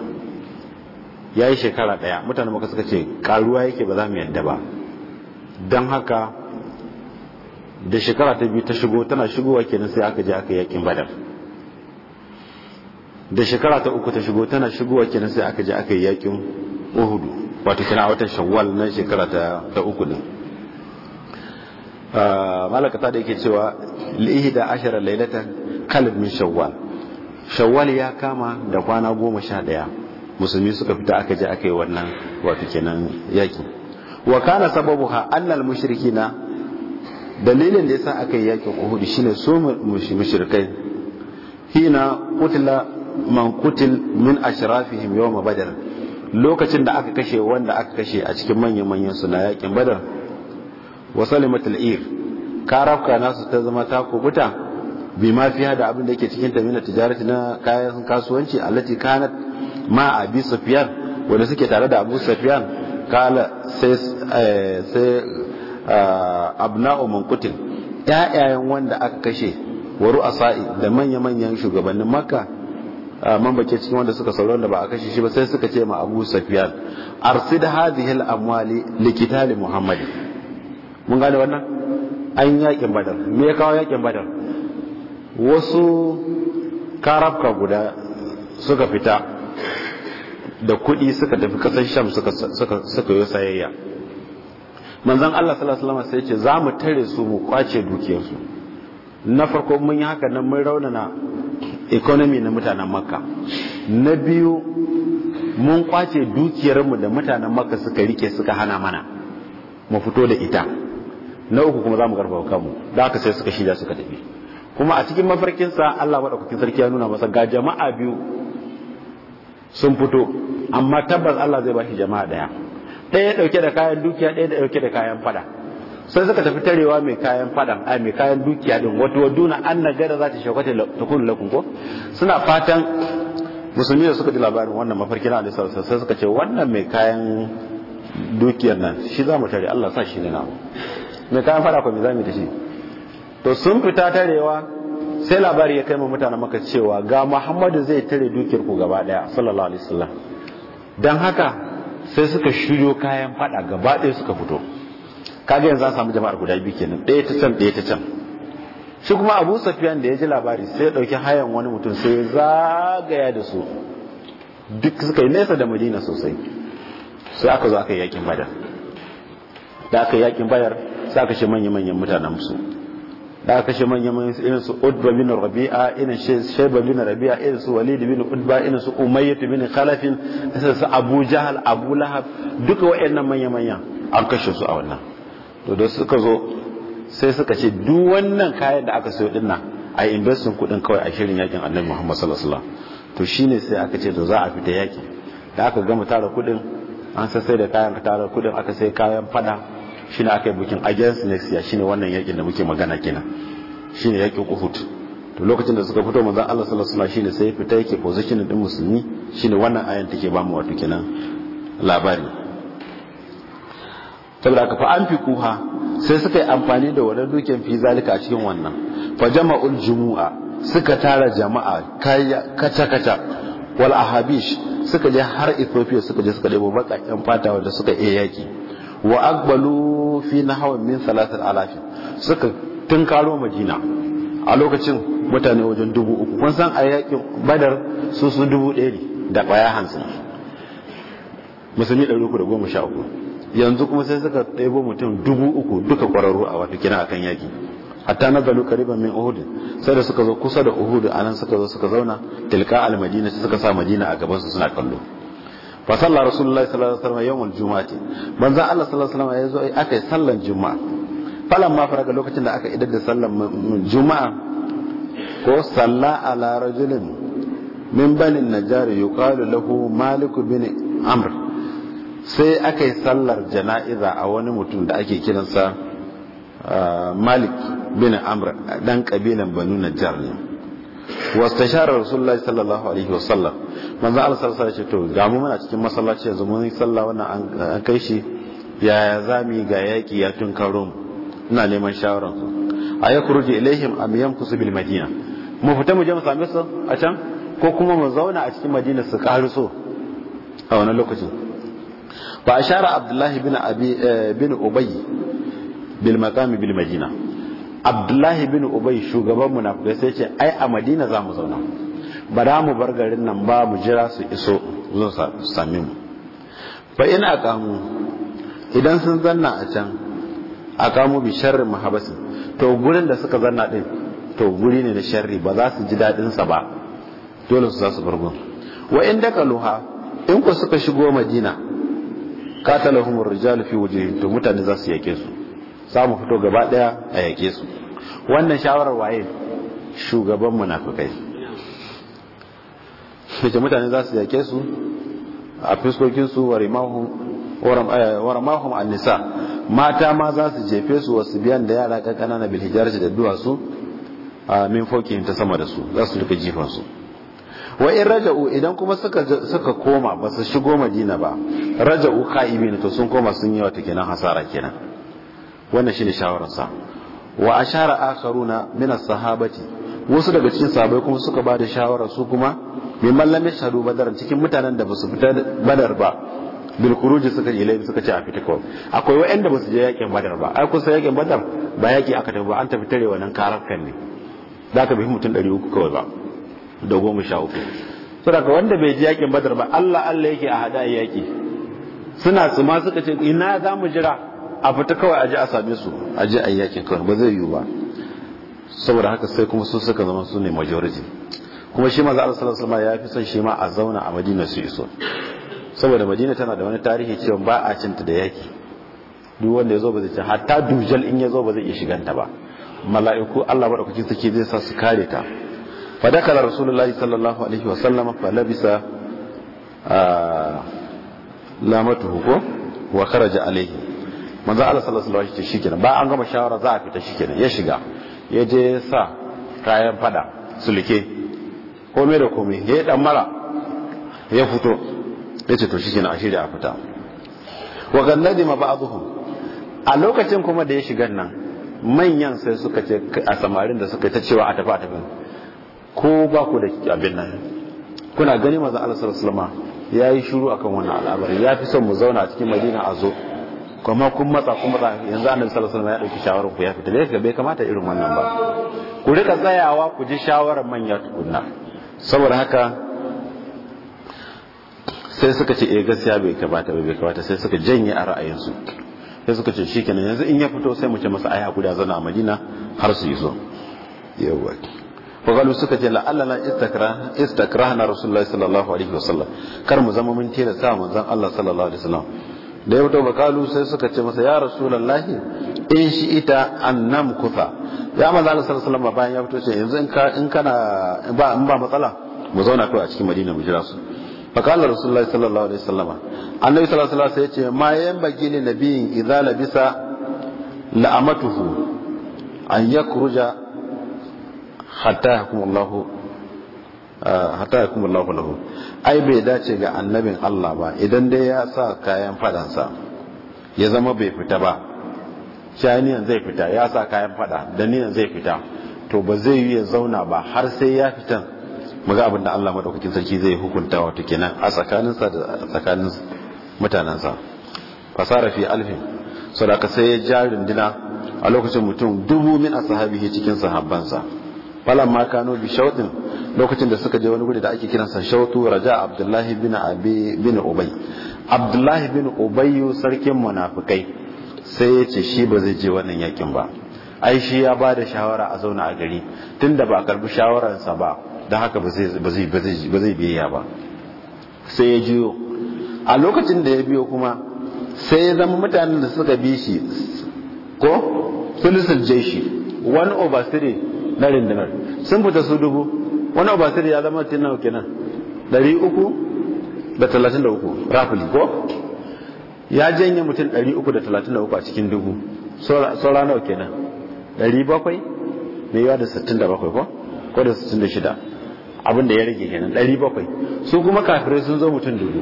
ya yi shekara daya mutanen maka suka ce karuwa yake ba za mu yadda ba don haka da shekara ta biyu ta shigo tana shigowa kenan sai aka je aka yakin badar da shekara ta uku ta shigo tana shigowa kenan sai aka je aka yi yakin uhudu wato kina watan shawwal na shekara ta uku din malaka ta da yake cewa da ashara lailatan kalb min shawwal shawwal ya kama da kwana goma sha ɗaya musulmi suka fita aka je aka yi wannan wato kenan yaki wa kana ha annal mushrikina dalilin da yasa aka yi yakin hudu shine so mushrikai hina kutila man kutil min ashrafihim yawma badar lokacin da aka kashe wanda aka kashe a cikin manyan manyan su na yakin badar wa salimatul ir nasu ta zama ta kubuta bi ma da abin da yake cikin ta mina tijarati na kayan kasuwanci allati kanat ma abi Safiyan wanda suke tare da abu safiyan kala sai eh, sai ah, abna'u munqutin ƴaƴayen wanda aka kashe wa ru'asa'i da manya-manyan shugabannin makka ah, bace cikin wanda suka saurari da ba a kashe shi ba sai suka ce ma abu sufyan arsid hadhihi al-amwali li muhammadi mun gane wannan an yakin badar me ya kawo yakin badar wasu karafka guda suka fita da kuɗi suka tafi kasar sham suka yi sayayya manzon Allah sallallahu alaihi wasallam sai ce za mu tare su mu kwace dukiyarsu na farko mun yi haka nan mun raunana economy na mutanen makka na biyu mun kwace dukiyarmu da mutanen makka suka rike suka hana mana mu fito da ita na uku kuma za mu karfafa kanmu da aka sai suka shida suka tafi kuma a cikin mafarkinsa Allah maɗaukakin sarki ya nuna masa ga jama'a biyu sun fito amma tabbas Allah zai ba shi jama'a ɗaya ɗaya ɗauke da kayan dukiya ɗaya da ɗauke da kayan fada sai suka tafi tarewa mai kayan fada a mai kayan dukiya din wato duna an gada za ta shekwata ta kun lakun ko suna fatan musulmi da suka ji labarin wannan mafarkin a sai suka ce wannan mai kayan dukiyar nan shi za mu tare Allah sa shi ne namu mai kayan fada ko mai zamu da shi to sun fita tarewa sai labari ya kai mu mutanen maka cewa ga Muhammadu zai tare dukiyar ku gaba daya sallallahu alaihi wasallam dan haka sai suka shiryo kayan fada gaba daya suka fito kaga yanzu an samu jama'ar guda biyu kenan ɗaya ta can ɗaya ta can shi kuma Abu Sufyan da ya ji labari sai ya dauki hayan wani mutum sai ya zagaya da su duk suka yi nesa da Madina sosai sai aka zo aka yi yakin Badar da aka yi yakin Badar sa kashe ce manya-manyan mutanen su da kashe ce manya-manyan su irin su udba bin rabi'a irin shaiba bin rabi'a irin su walid bin udba irin su umayyatu bin khalafin irin su abu jahal abu lahab duka waɗannan manya-manyan an kashe su a wannan to da suka zo sai suka ce duk wannan kayan da aka sayo dinnan a investin kudin kawai a shirin yakin annabi muhammad sallallahu alaihi wasallam to shine sai aka ce to za a fita yaki da aka gama tara kuɗin an sassai da kayan tara kuɗin aka sai kayan fada shine aka yi bukin against next year shine wannan yakin da muke magana kenan shine yakin Uhud to lokacin da suka fito manzon Allah sallallahu alaihi wasallam shine sai fita yake position din musulmi shine wannan ayan take ba mu wato kenan labari saboda ka fa an fi kuha sai suka yi amfani da wannan dukin fi zalika a cikin wannan fa jama'ul jumu'a suka tara jama'a kata kaca wal ahabish suka je har Ethiopia suka je suka debo bakakken fata wanda suka iya yaki wa aqbalu fi nahawin min salatin alafin suka tunkaro madina a lokacin mutane wajen dubu uku kun san a yakin badar su su dubu ɗaya da ƙwaya hansu musulmi ɗari uku da goma sha uku yanzu kuma sai suka ɗebo mutum dubu uku duka ƙwararru a wata kina akan yaki hatta na zalu kariban min uhud sai da suka zo kusa da uhud anan suka zo suka zauna tilka al madina suka sa madina a gaban su suna kallo fa sallar rasulullahi sallallahu alaihi wasallam yawmul jumu'ati manzo Allah sallallahu alaihi wasallam yazo ai yi sallar juma'a falan ma faraga lokacin da aka idar da sallar juma'a ko salla ala rajulin min bani najari yuqalu lahu malik bin amr sai aka sallar jana'iza a wani mutum da ake kiransa ah, malik bin amr dan kabilan banu najar ne wastashara rasulullahi sallallahu alaihi wasallam manzo Allah sallallahu alaihi wasallam to ga mu muna cikin masallaci yanzu mun sallah wannan an kai shi ya zami ga yaki ya tun mu ina neman shawaran su ayakhruju ilaihim am yamkusu bil madina mu fita mu je mu same su a can ko kuma mu zauna a cikin madina su so a wannan lokacin fa ashara abdullahi bin abi bin ubayy bil maqami bil madina abdullahi bin ubai shugaban munafukai sai ce ai a madina za mu zauna ba da mu bar garin nan ba mu jira su iso zo sami mu fa ina kamu idan sun zanna a can a kamu bi sharri mahabasi to gurin da suka zanna din to guri ne da sharri ba za su ji daɗin sa ba dole su za su bargo wa in daka luha in ku suka shigo madina katalahumur rijal fi wajhihim to mutane za su yake su samu fito gaba daya a yake su wannan shawarar waye shugaban munafikai sai mutane za su yake su a fiskokin su waramahum eh, an-nisa mata ma za su jefe su wasu biyan da yara kankana na bil da duwatsu a min fokin ta sama da su za su rika jifan su wa in raja'u idan kuma suka koma ba su shigo madina ba raja'u ne to sun koma sun yi wata kenan hasara kenan wannan shine shawararsa wa ashara akharuna min as-sahabati wasu daga cikin sahabbai kuma suka bada shawara su kuma mai mallam ya shadu badar cikin mutanen da basu fita badar ba bil khuruji suka yi laifi suka ce a fita kawai akwai waɗanda basu je yakin badar ba ai kun kusa yakin badar ba yaki aka tafi ba an tafi tare wannan karakan ne za ka bi mutum 300 kawai ba da goma sha uku daga wanda bai je yakin badar ba Allah Allah yake a hada yaki suna tsuma suka ce ina za mu jira a fita kawai aji a same su aji a yakin kawai ba zai yiwu ba saboda haka sai kuma sun suka zama su ne majority kuma shi maza Allah ma ya fi son shi ma a zauna a Madina su iso saboda Madina tana da wani tarihi cewa ba a cinta da yaki duk wanda ya zo ba zai ci hatta dujal in ya zo ba zai iya shiganta ba mala'iku Allah madaukakin sarki zai sa su kare ta fa dakala rasulullahi sallallahu alaihi wa sallama fa labisa ah, lamatu ko wa kharaja alaihi manzo Allah sallallahu alaihi wasallam shikenan ba an gama shawara za a fita shikenan ya shiga ya je sa kayan fada sulke me da komai ya dan mara ya fito ya ce to shikenan a shirya a fita wa gannadi ma ba'dhum a lokacin kuma da ya shiga nan manyan sai suka ce a samarin da suka ta cewa a tafi a tafi ko ba ku da abin nan kuna gani manzo Allah sallallahu alaihi wasallam yayi shiru akan wannan al'amari ya fi son mu zauna a cikin Madina a zo kuma kun matsa kun matsa yanzu annabi sallallahu alaihi wasallam ya dauki shawara ku ya fita da bai kamata irin wannan ba ku rika tsayawa ku ji shawara manya tukunna saboda haka sai suka ce eh gaskiya bai kamata bai kamata sai suka janye a ra'ayinsu sai suka ce shikenan yanzu in ya fito sai mu ce masa ai hakuri zana a Madina har su iso yawa fagalu suka ce istakra na rasulullahi sallallahu alaihi wasallam kar mu zama mun tilasta manzon Allah sallallahu alaihi wasallam da ya fito bakalu sai suka ce masa ya rasulallahi in shi ita annam kufa ya manzo Allah sallallahu bayan ya fito ce yanzu in kana ba in ba matsala mu zauna kawai a cikin madina mu jira su fakala rasulullahi sallallahu alaihi wasallama annabi sallallahu alaihi wasallam sai ya ce ma yanbaghi li nabiyin idza labisa la'amatuhu an yakhruja hatta yakum Allahu Ah, hata yakum Allahu lahu ai bai dace ga annabin Allah ba idan dai ya sa kayan fadansa ya zama bai fita ba shaniyan zai fita ya sa kayan fada da niyan zai fita to ba zai yi ya zauna ba har sai ya fita muga abin da Allah madaukakin sarki zai hukunta wato kenan a sa da tsakanin mutanensa fasara fi alfin sadaka sai ya jarin dina a lokacin mutum dubu min ashabihi cikin sahabbansa falan ma kano bi shawdin lokacin da suka je wani guri da ake kiransa shautu raja abdullahi bin abi bin ubay abdullahi bin ubay sarkin munafikai sai ya ce shi ba zai je wannan yakin ba ai shi ya ba da shawara a zauna a gari tunda ba a karbi shawararsa ba don haka ba zai biyayya ba sai ya jiyo a lokacin da ya biyo kuma sai ya zama mutanen da suka bi shi ko sulisul jeshi one over three na rindunar sun fita su dubu wani obasir ya zama tin nawa kenan ɗari uku da talatin da uku rafuli ko ya janye mutum ɗari uku da talatin da uku a cikin dubu saura nawa kenan ɗari bakwai mai yawa da sittin da bakwai ko ko da sittin da shida abin da ya rage kenan ɗari bakwai su kuma kafirai sun zo mutum dubu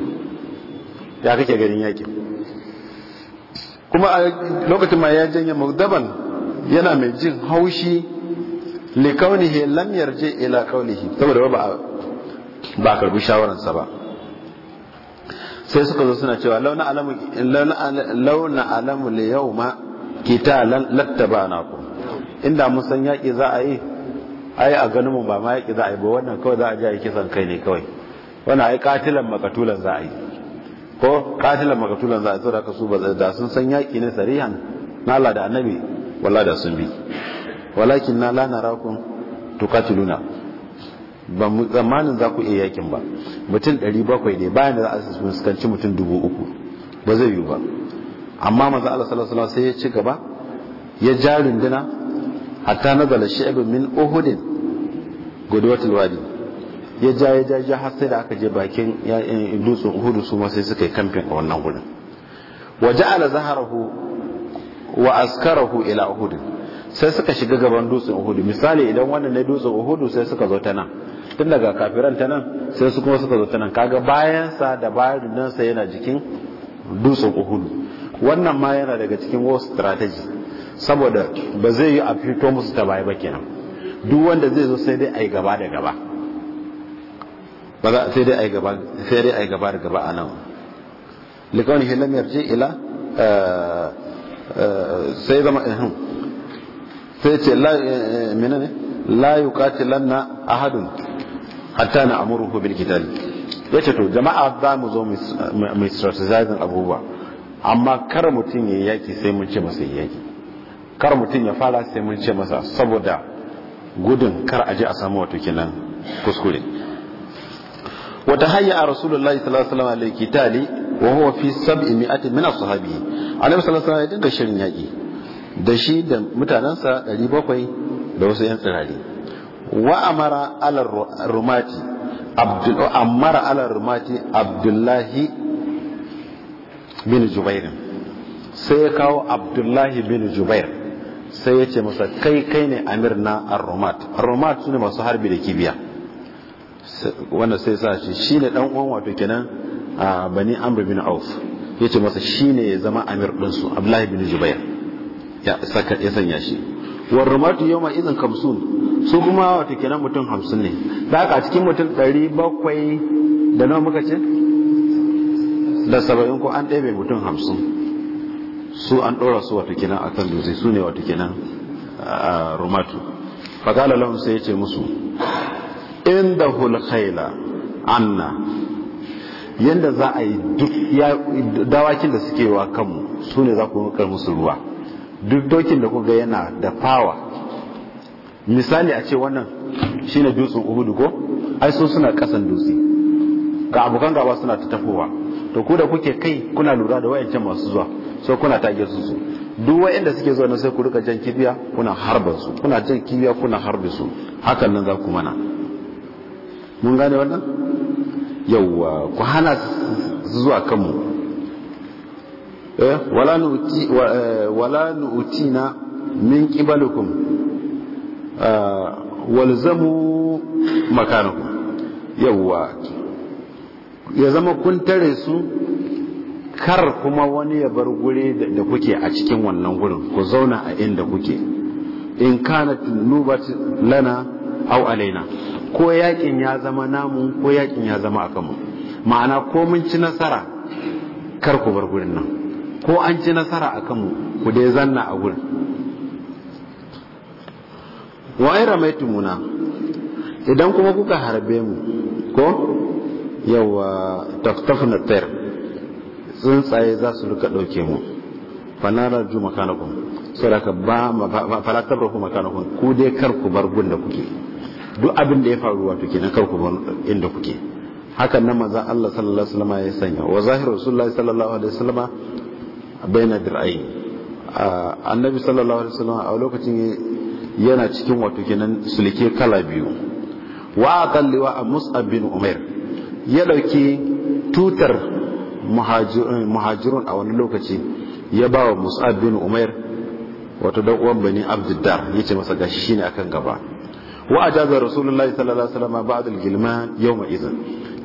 ya kake ganin yaƙi kuma a lokacin ma ya janye magdaban yana mai jin haushi li kaunihi lam yarji ila kaunihi saboda ba ba karbi shawararsa ba sai suka zo suna cewa launa alamu launa alamu li yawma kitalan lattabana ku inda mun san yaki za a yi ai a ganin mu ba ma yaki za a yi ba wannan kawai za a ji a yi kisan kai ne kawai wannan ai katilan makatulan za a yi ko katilan makatulan za a yi saboda ka su ba da sun san yaki ne sarihan na Allah da annabi wallahi da sun bi walakin na lana rakun tukatiluna ba mu zamanin za ku iya yakin ba mutum 700 ne bayan da za a fuskanci mutum 3000 ba zai yiwu ba amma maza Allah sallallahu alaihi sai ya ci gaba ya ja runduna hatta nazala shi'ab min uhudin gudwatul wadi ya ja ya ja ya har sai da aka je bakin eh, dutsen uhudu su ma sai suka yi kamfin a wannan gudun. wa ja'ala zaharahu wa askarahu ila uhudin sai suka shiga gaban dutsen uhudu misali idan wannan ne dutsen uhudu sai suka zo ta nan tun daga kafiran ta nan sai su kuma suka zo ta nan kaga bayan sa da bayan sa yana jikin dutsen uhudu wannan ma yana daga cikin war strategy saboda ba zai yi a fito musu ta baya ba kenan duk wanda zai zo sai dai ai gaba da gaba ba sai dai ai gaba sai dai ai gaba da gaba a nan likawani hilam yarji ila eh, eh, sai zama eh, hmm. sai ce yi eh, eh, ne lanna a hadin hatta na hobin bil ya yace to jama'a za mu zo mu strategizing abubuwa amma kar mutum ya yaki sai mun ce masa yaki kar mutum ya fara sai mun ce masa saboda gudun kar aje a samu wato kenan kuskure wata hanya a rasulullahi sallallahu alaihi wasallam alal wa huwa fi sab'i mi'atin min ashabihi alaihi sallallahu alaihi wasallam ya dinga shirin yaki da shi da mutanensa 700 da wasu ‘yan tsirari wa amara alar rumati amara alar rumati abdullahi bin jubairin sai ya kawo abdullahi bin jubair sai ya ce masa kai kai ne amir na arromat rumat su ne masu harbi da kibiya wanda sai sa shi shi ne dan uwan wato kenan ah, bani amr bin auf ya ce masa shi ne ya zama amir ɗinsu abdullahi bin jubair ya sanya shi warrumatu yau ma izin kamsun su kuma wata kenan mutum hamsin ne da haka cikin mutum ɗari bakwai da nawa muka ce da saba'in ko an ɗebe mutum hamsin su an ɗora su wata kenan a kan dutse su ne wata kenan a rumatu fakala lahum sai ya ce musu inda hulkhaila anna yanda za a yi duk dawakin da suke wa kanmu su ne za ku nukar musu ruwa duk dokin da kuka yana da fawa misali a ce wannan shine dutsen uhudu ko ai so suna kasan dutse ga abokan gaba suna ta tafowa to ku da kuke kai kuna lura da wayancan masu zuwa so kuna tage su su duk wayanda suke zuwa nan sai ku rika jan kibiya kuna harba su kuna jan kibiya kuna harbe su hakan nan za ku mana mun gane wannan yawwa ku hana su zuwa kanmu Eh, wala nu'ti eh, wala nu'tina min qibalikum ah, walzamu makanakum yawwa ya zama kun tare su kar kuma wani ya bar gure da kuke a cikin wannan gurin ku zauna a inda kuke in kana nubat lana au alaina ko yakin ya zama namu ko yakin ya zama a kanmu ma'ana ko mun ci nasara kar ku bar gurin nan ko an ci nasara a kanmu ku dai zanna a gurin wa ramaitu muna idan kuma kuka harbe mu ko yawa taftafna tsayar tsuntsaye za su rika ɗauke mu fanara ju makanakun ka ba falatar rufu makanakun ku dai kar ku bar gun da kuke duk abin da ya faru wato kenan kar ku bar inda kuke hakan nan manzon Allah sallallahu alaihi wasallam ya sanya wa zahiru rasulullahi sallallahu alaihi wasallam baina dir'ai annabi sallallahu alaihi wasallam a lokacin yana cikin wato kenan sulke kala biyu wa aqalliwa mus'ab bin umair ya dauki tutar muhajirun a wani lokaci ya bawa wa mus'ab bin umair wato dan uwan bani abdiddar yace masa gashi shine akan gaba wa ajaza rasulullahi sallallahu alaihi wasallam ba'd al-gilman yawma idhan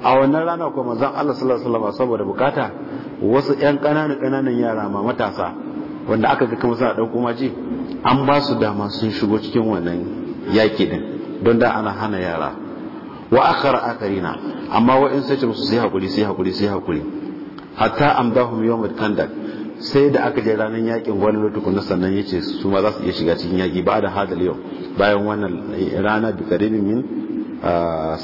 a wannan rana kuma manzon Allah sallallahu alaihi wasallam saboda bukata wasu ƴan ƙananan ƙananan yara ma matasa wanda aka ga kuma suna dauko maji an ba su dama sun shigo cikin wannan yaki din don da ana hana yara wa akhara akarina amma wa'in sai ce musu sai hakuri sai hakuri sai hakuri hatta amdahum yawmul kandak sai da aka je ranar yakin wani lotukun sannan yace ce su ma za su iya shiga cikin yaki ba da hadal yau bayan wannan rana bi karibin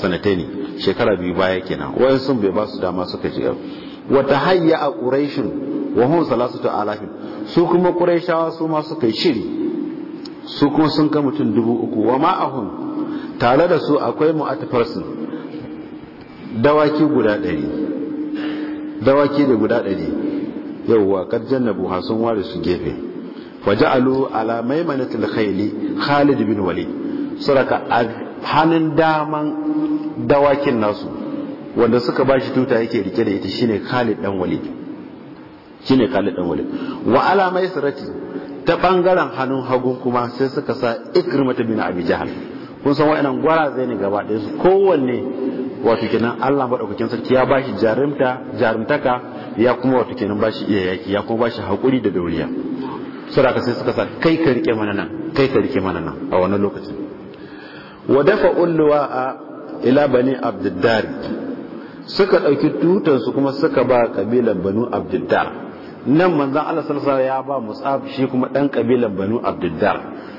sanatani shekara biyu baya kenan wayan sun bai ba su dama suka shiga wata hayya a quraishin wa hum salasatu alafin su kuma quraishawa su ma suka shiri su kuma sun ka mutum dubu uku wa ma ahun tare da su akwai mu. person dawaki guda ɗari dawaki da guda ɗari yawwa karjan na buha sun ware su gefe waje alu ala maimanatul khayli khalid bin walid suraka hannun daman dawakin nasu wanda suka ba shi tuta yake rike da ita shine Khalid dan Walid shine Khalid dan Walid wa ala maisarati ta bangaren hannun hagu kuma sai suka sa Ikrimata bin Abi jahal kun san wayannan zai ne gaba ɗaya su kowanne wato kenan Allah maɗaukakin sarki ya bashi jarumta jarumtaka ya kuma wato kenan bashi iya yaki ya kuma bashi hakuri da dauriya saboda sai suka sa kai ka rike mana nan kai ka rike mana nan a wannan lokacin wa dafa a ila bani abdiddari suka ɗauki tutansu kuma suka ba kabilan banu abdiddar nan manzan Allah sallallahu ya ba musab shi kuma ɗan kabilan banu abdiddar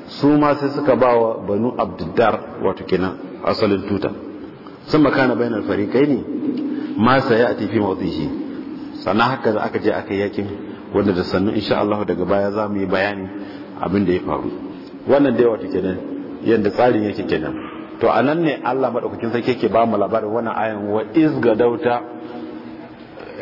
su ma sai suka bawa banu abdiddar wato kenan asalin tutan sun makana bayan alfarikai ne ma sai a tafi mawutsishi sannan haka da aka je aka yakin wanda da sannu insha daga baya za mu yi bayani abin da ya faru wannan dai wato kenan yadda tsarin yake kenan to a nan ne Allah maɗaukakin sarki ke ba mu labarin wannan ayan wa izga dauta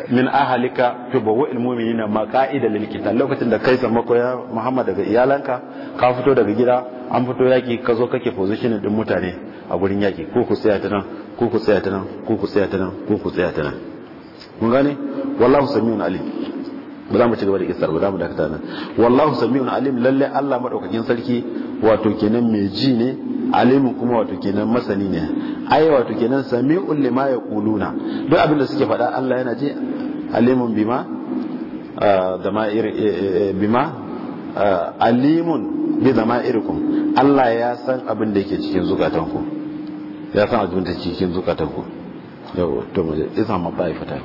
min ahalika to bawa ne na lil likita lokacin da kai sammako ya Muhammad daga iyalanka ka fito daga gida an fito yaki ka zo kake position din mutane a gurin yaki ko ku tsaya ta nan ko ku tsaya nan ko ku tsaya nan ko ku tsaya nan mun gane wallahu samiun alim ba za mu ci gaba da isar ba za mu dakata nan wallahu sami'un alim lalle Allah madaukakin sarki wato kenan mai ji ne alimu kuma wato kenan masani ne ai wato kenan sami'un lima yaquluna duk abin da suke faɗa Allah yana ji alimun bima ah, da eh, eh, eh, bima ah, alimun bi zama'irikum Allah ya san abin da yake cikin zukatanku ya san abin da cikin zukatanku yau to mu je isa ba'i fata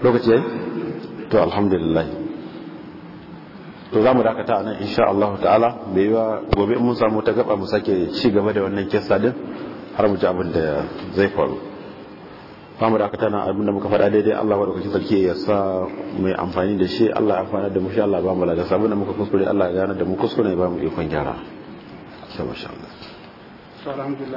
lokaci to alhamdulillah to za mu dakata a nan insha Allah ta'ala bai yi wa gobe mun samu ta gaba mu sake ci gaba da wannan kisa din har mu ji abin da zai faru ba mu dakata na abin da muka faɗa daidai Allah maɗaukakin sarki ya sa mai amfani da shi Allah ya amfana da mu shi Allah ba mu lada sabon da muka kuskure Allah ya gane da mu kuskure ba mu ikon gyara. Sai masha Allah.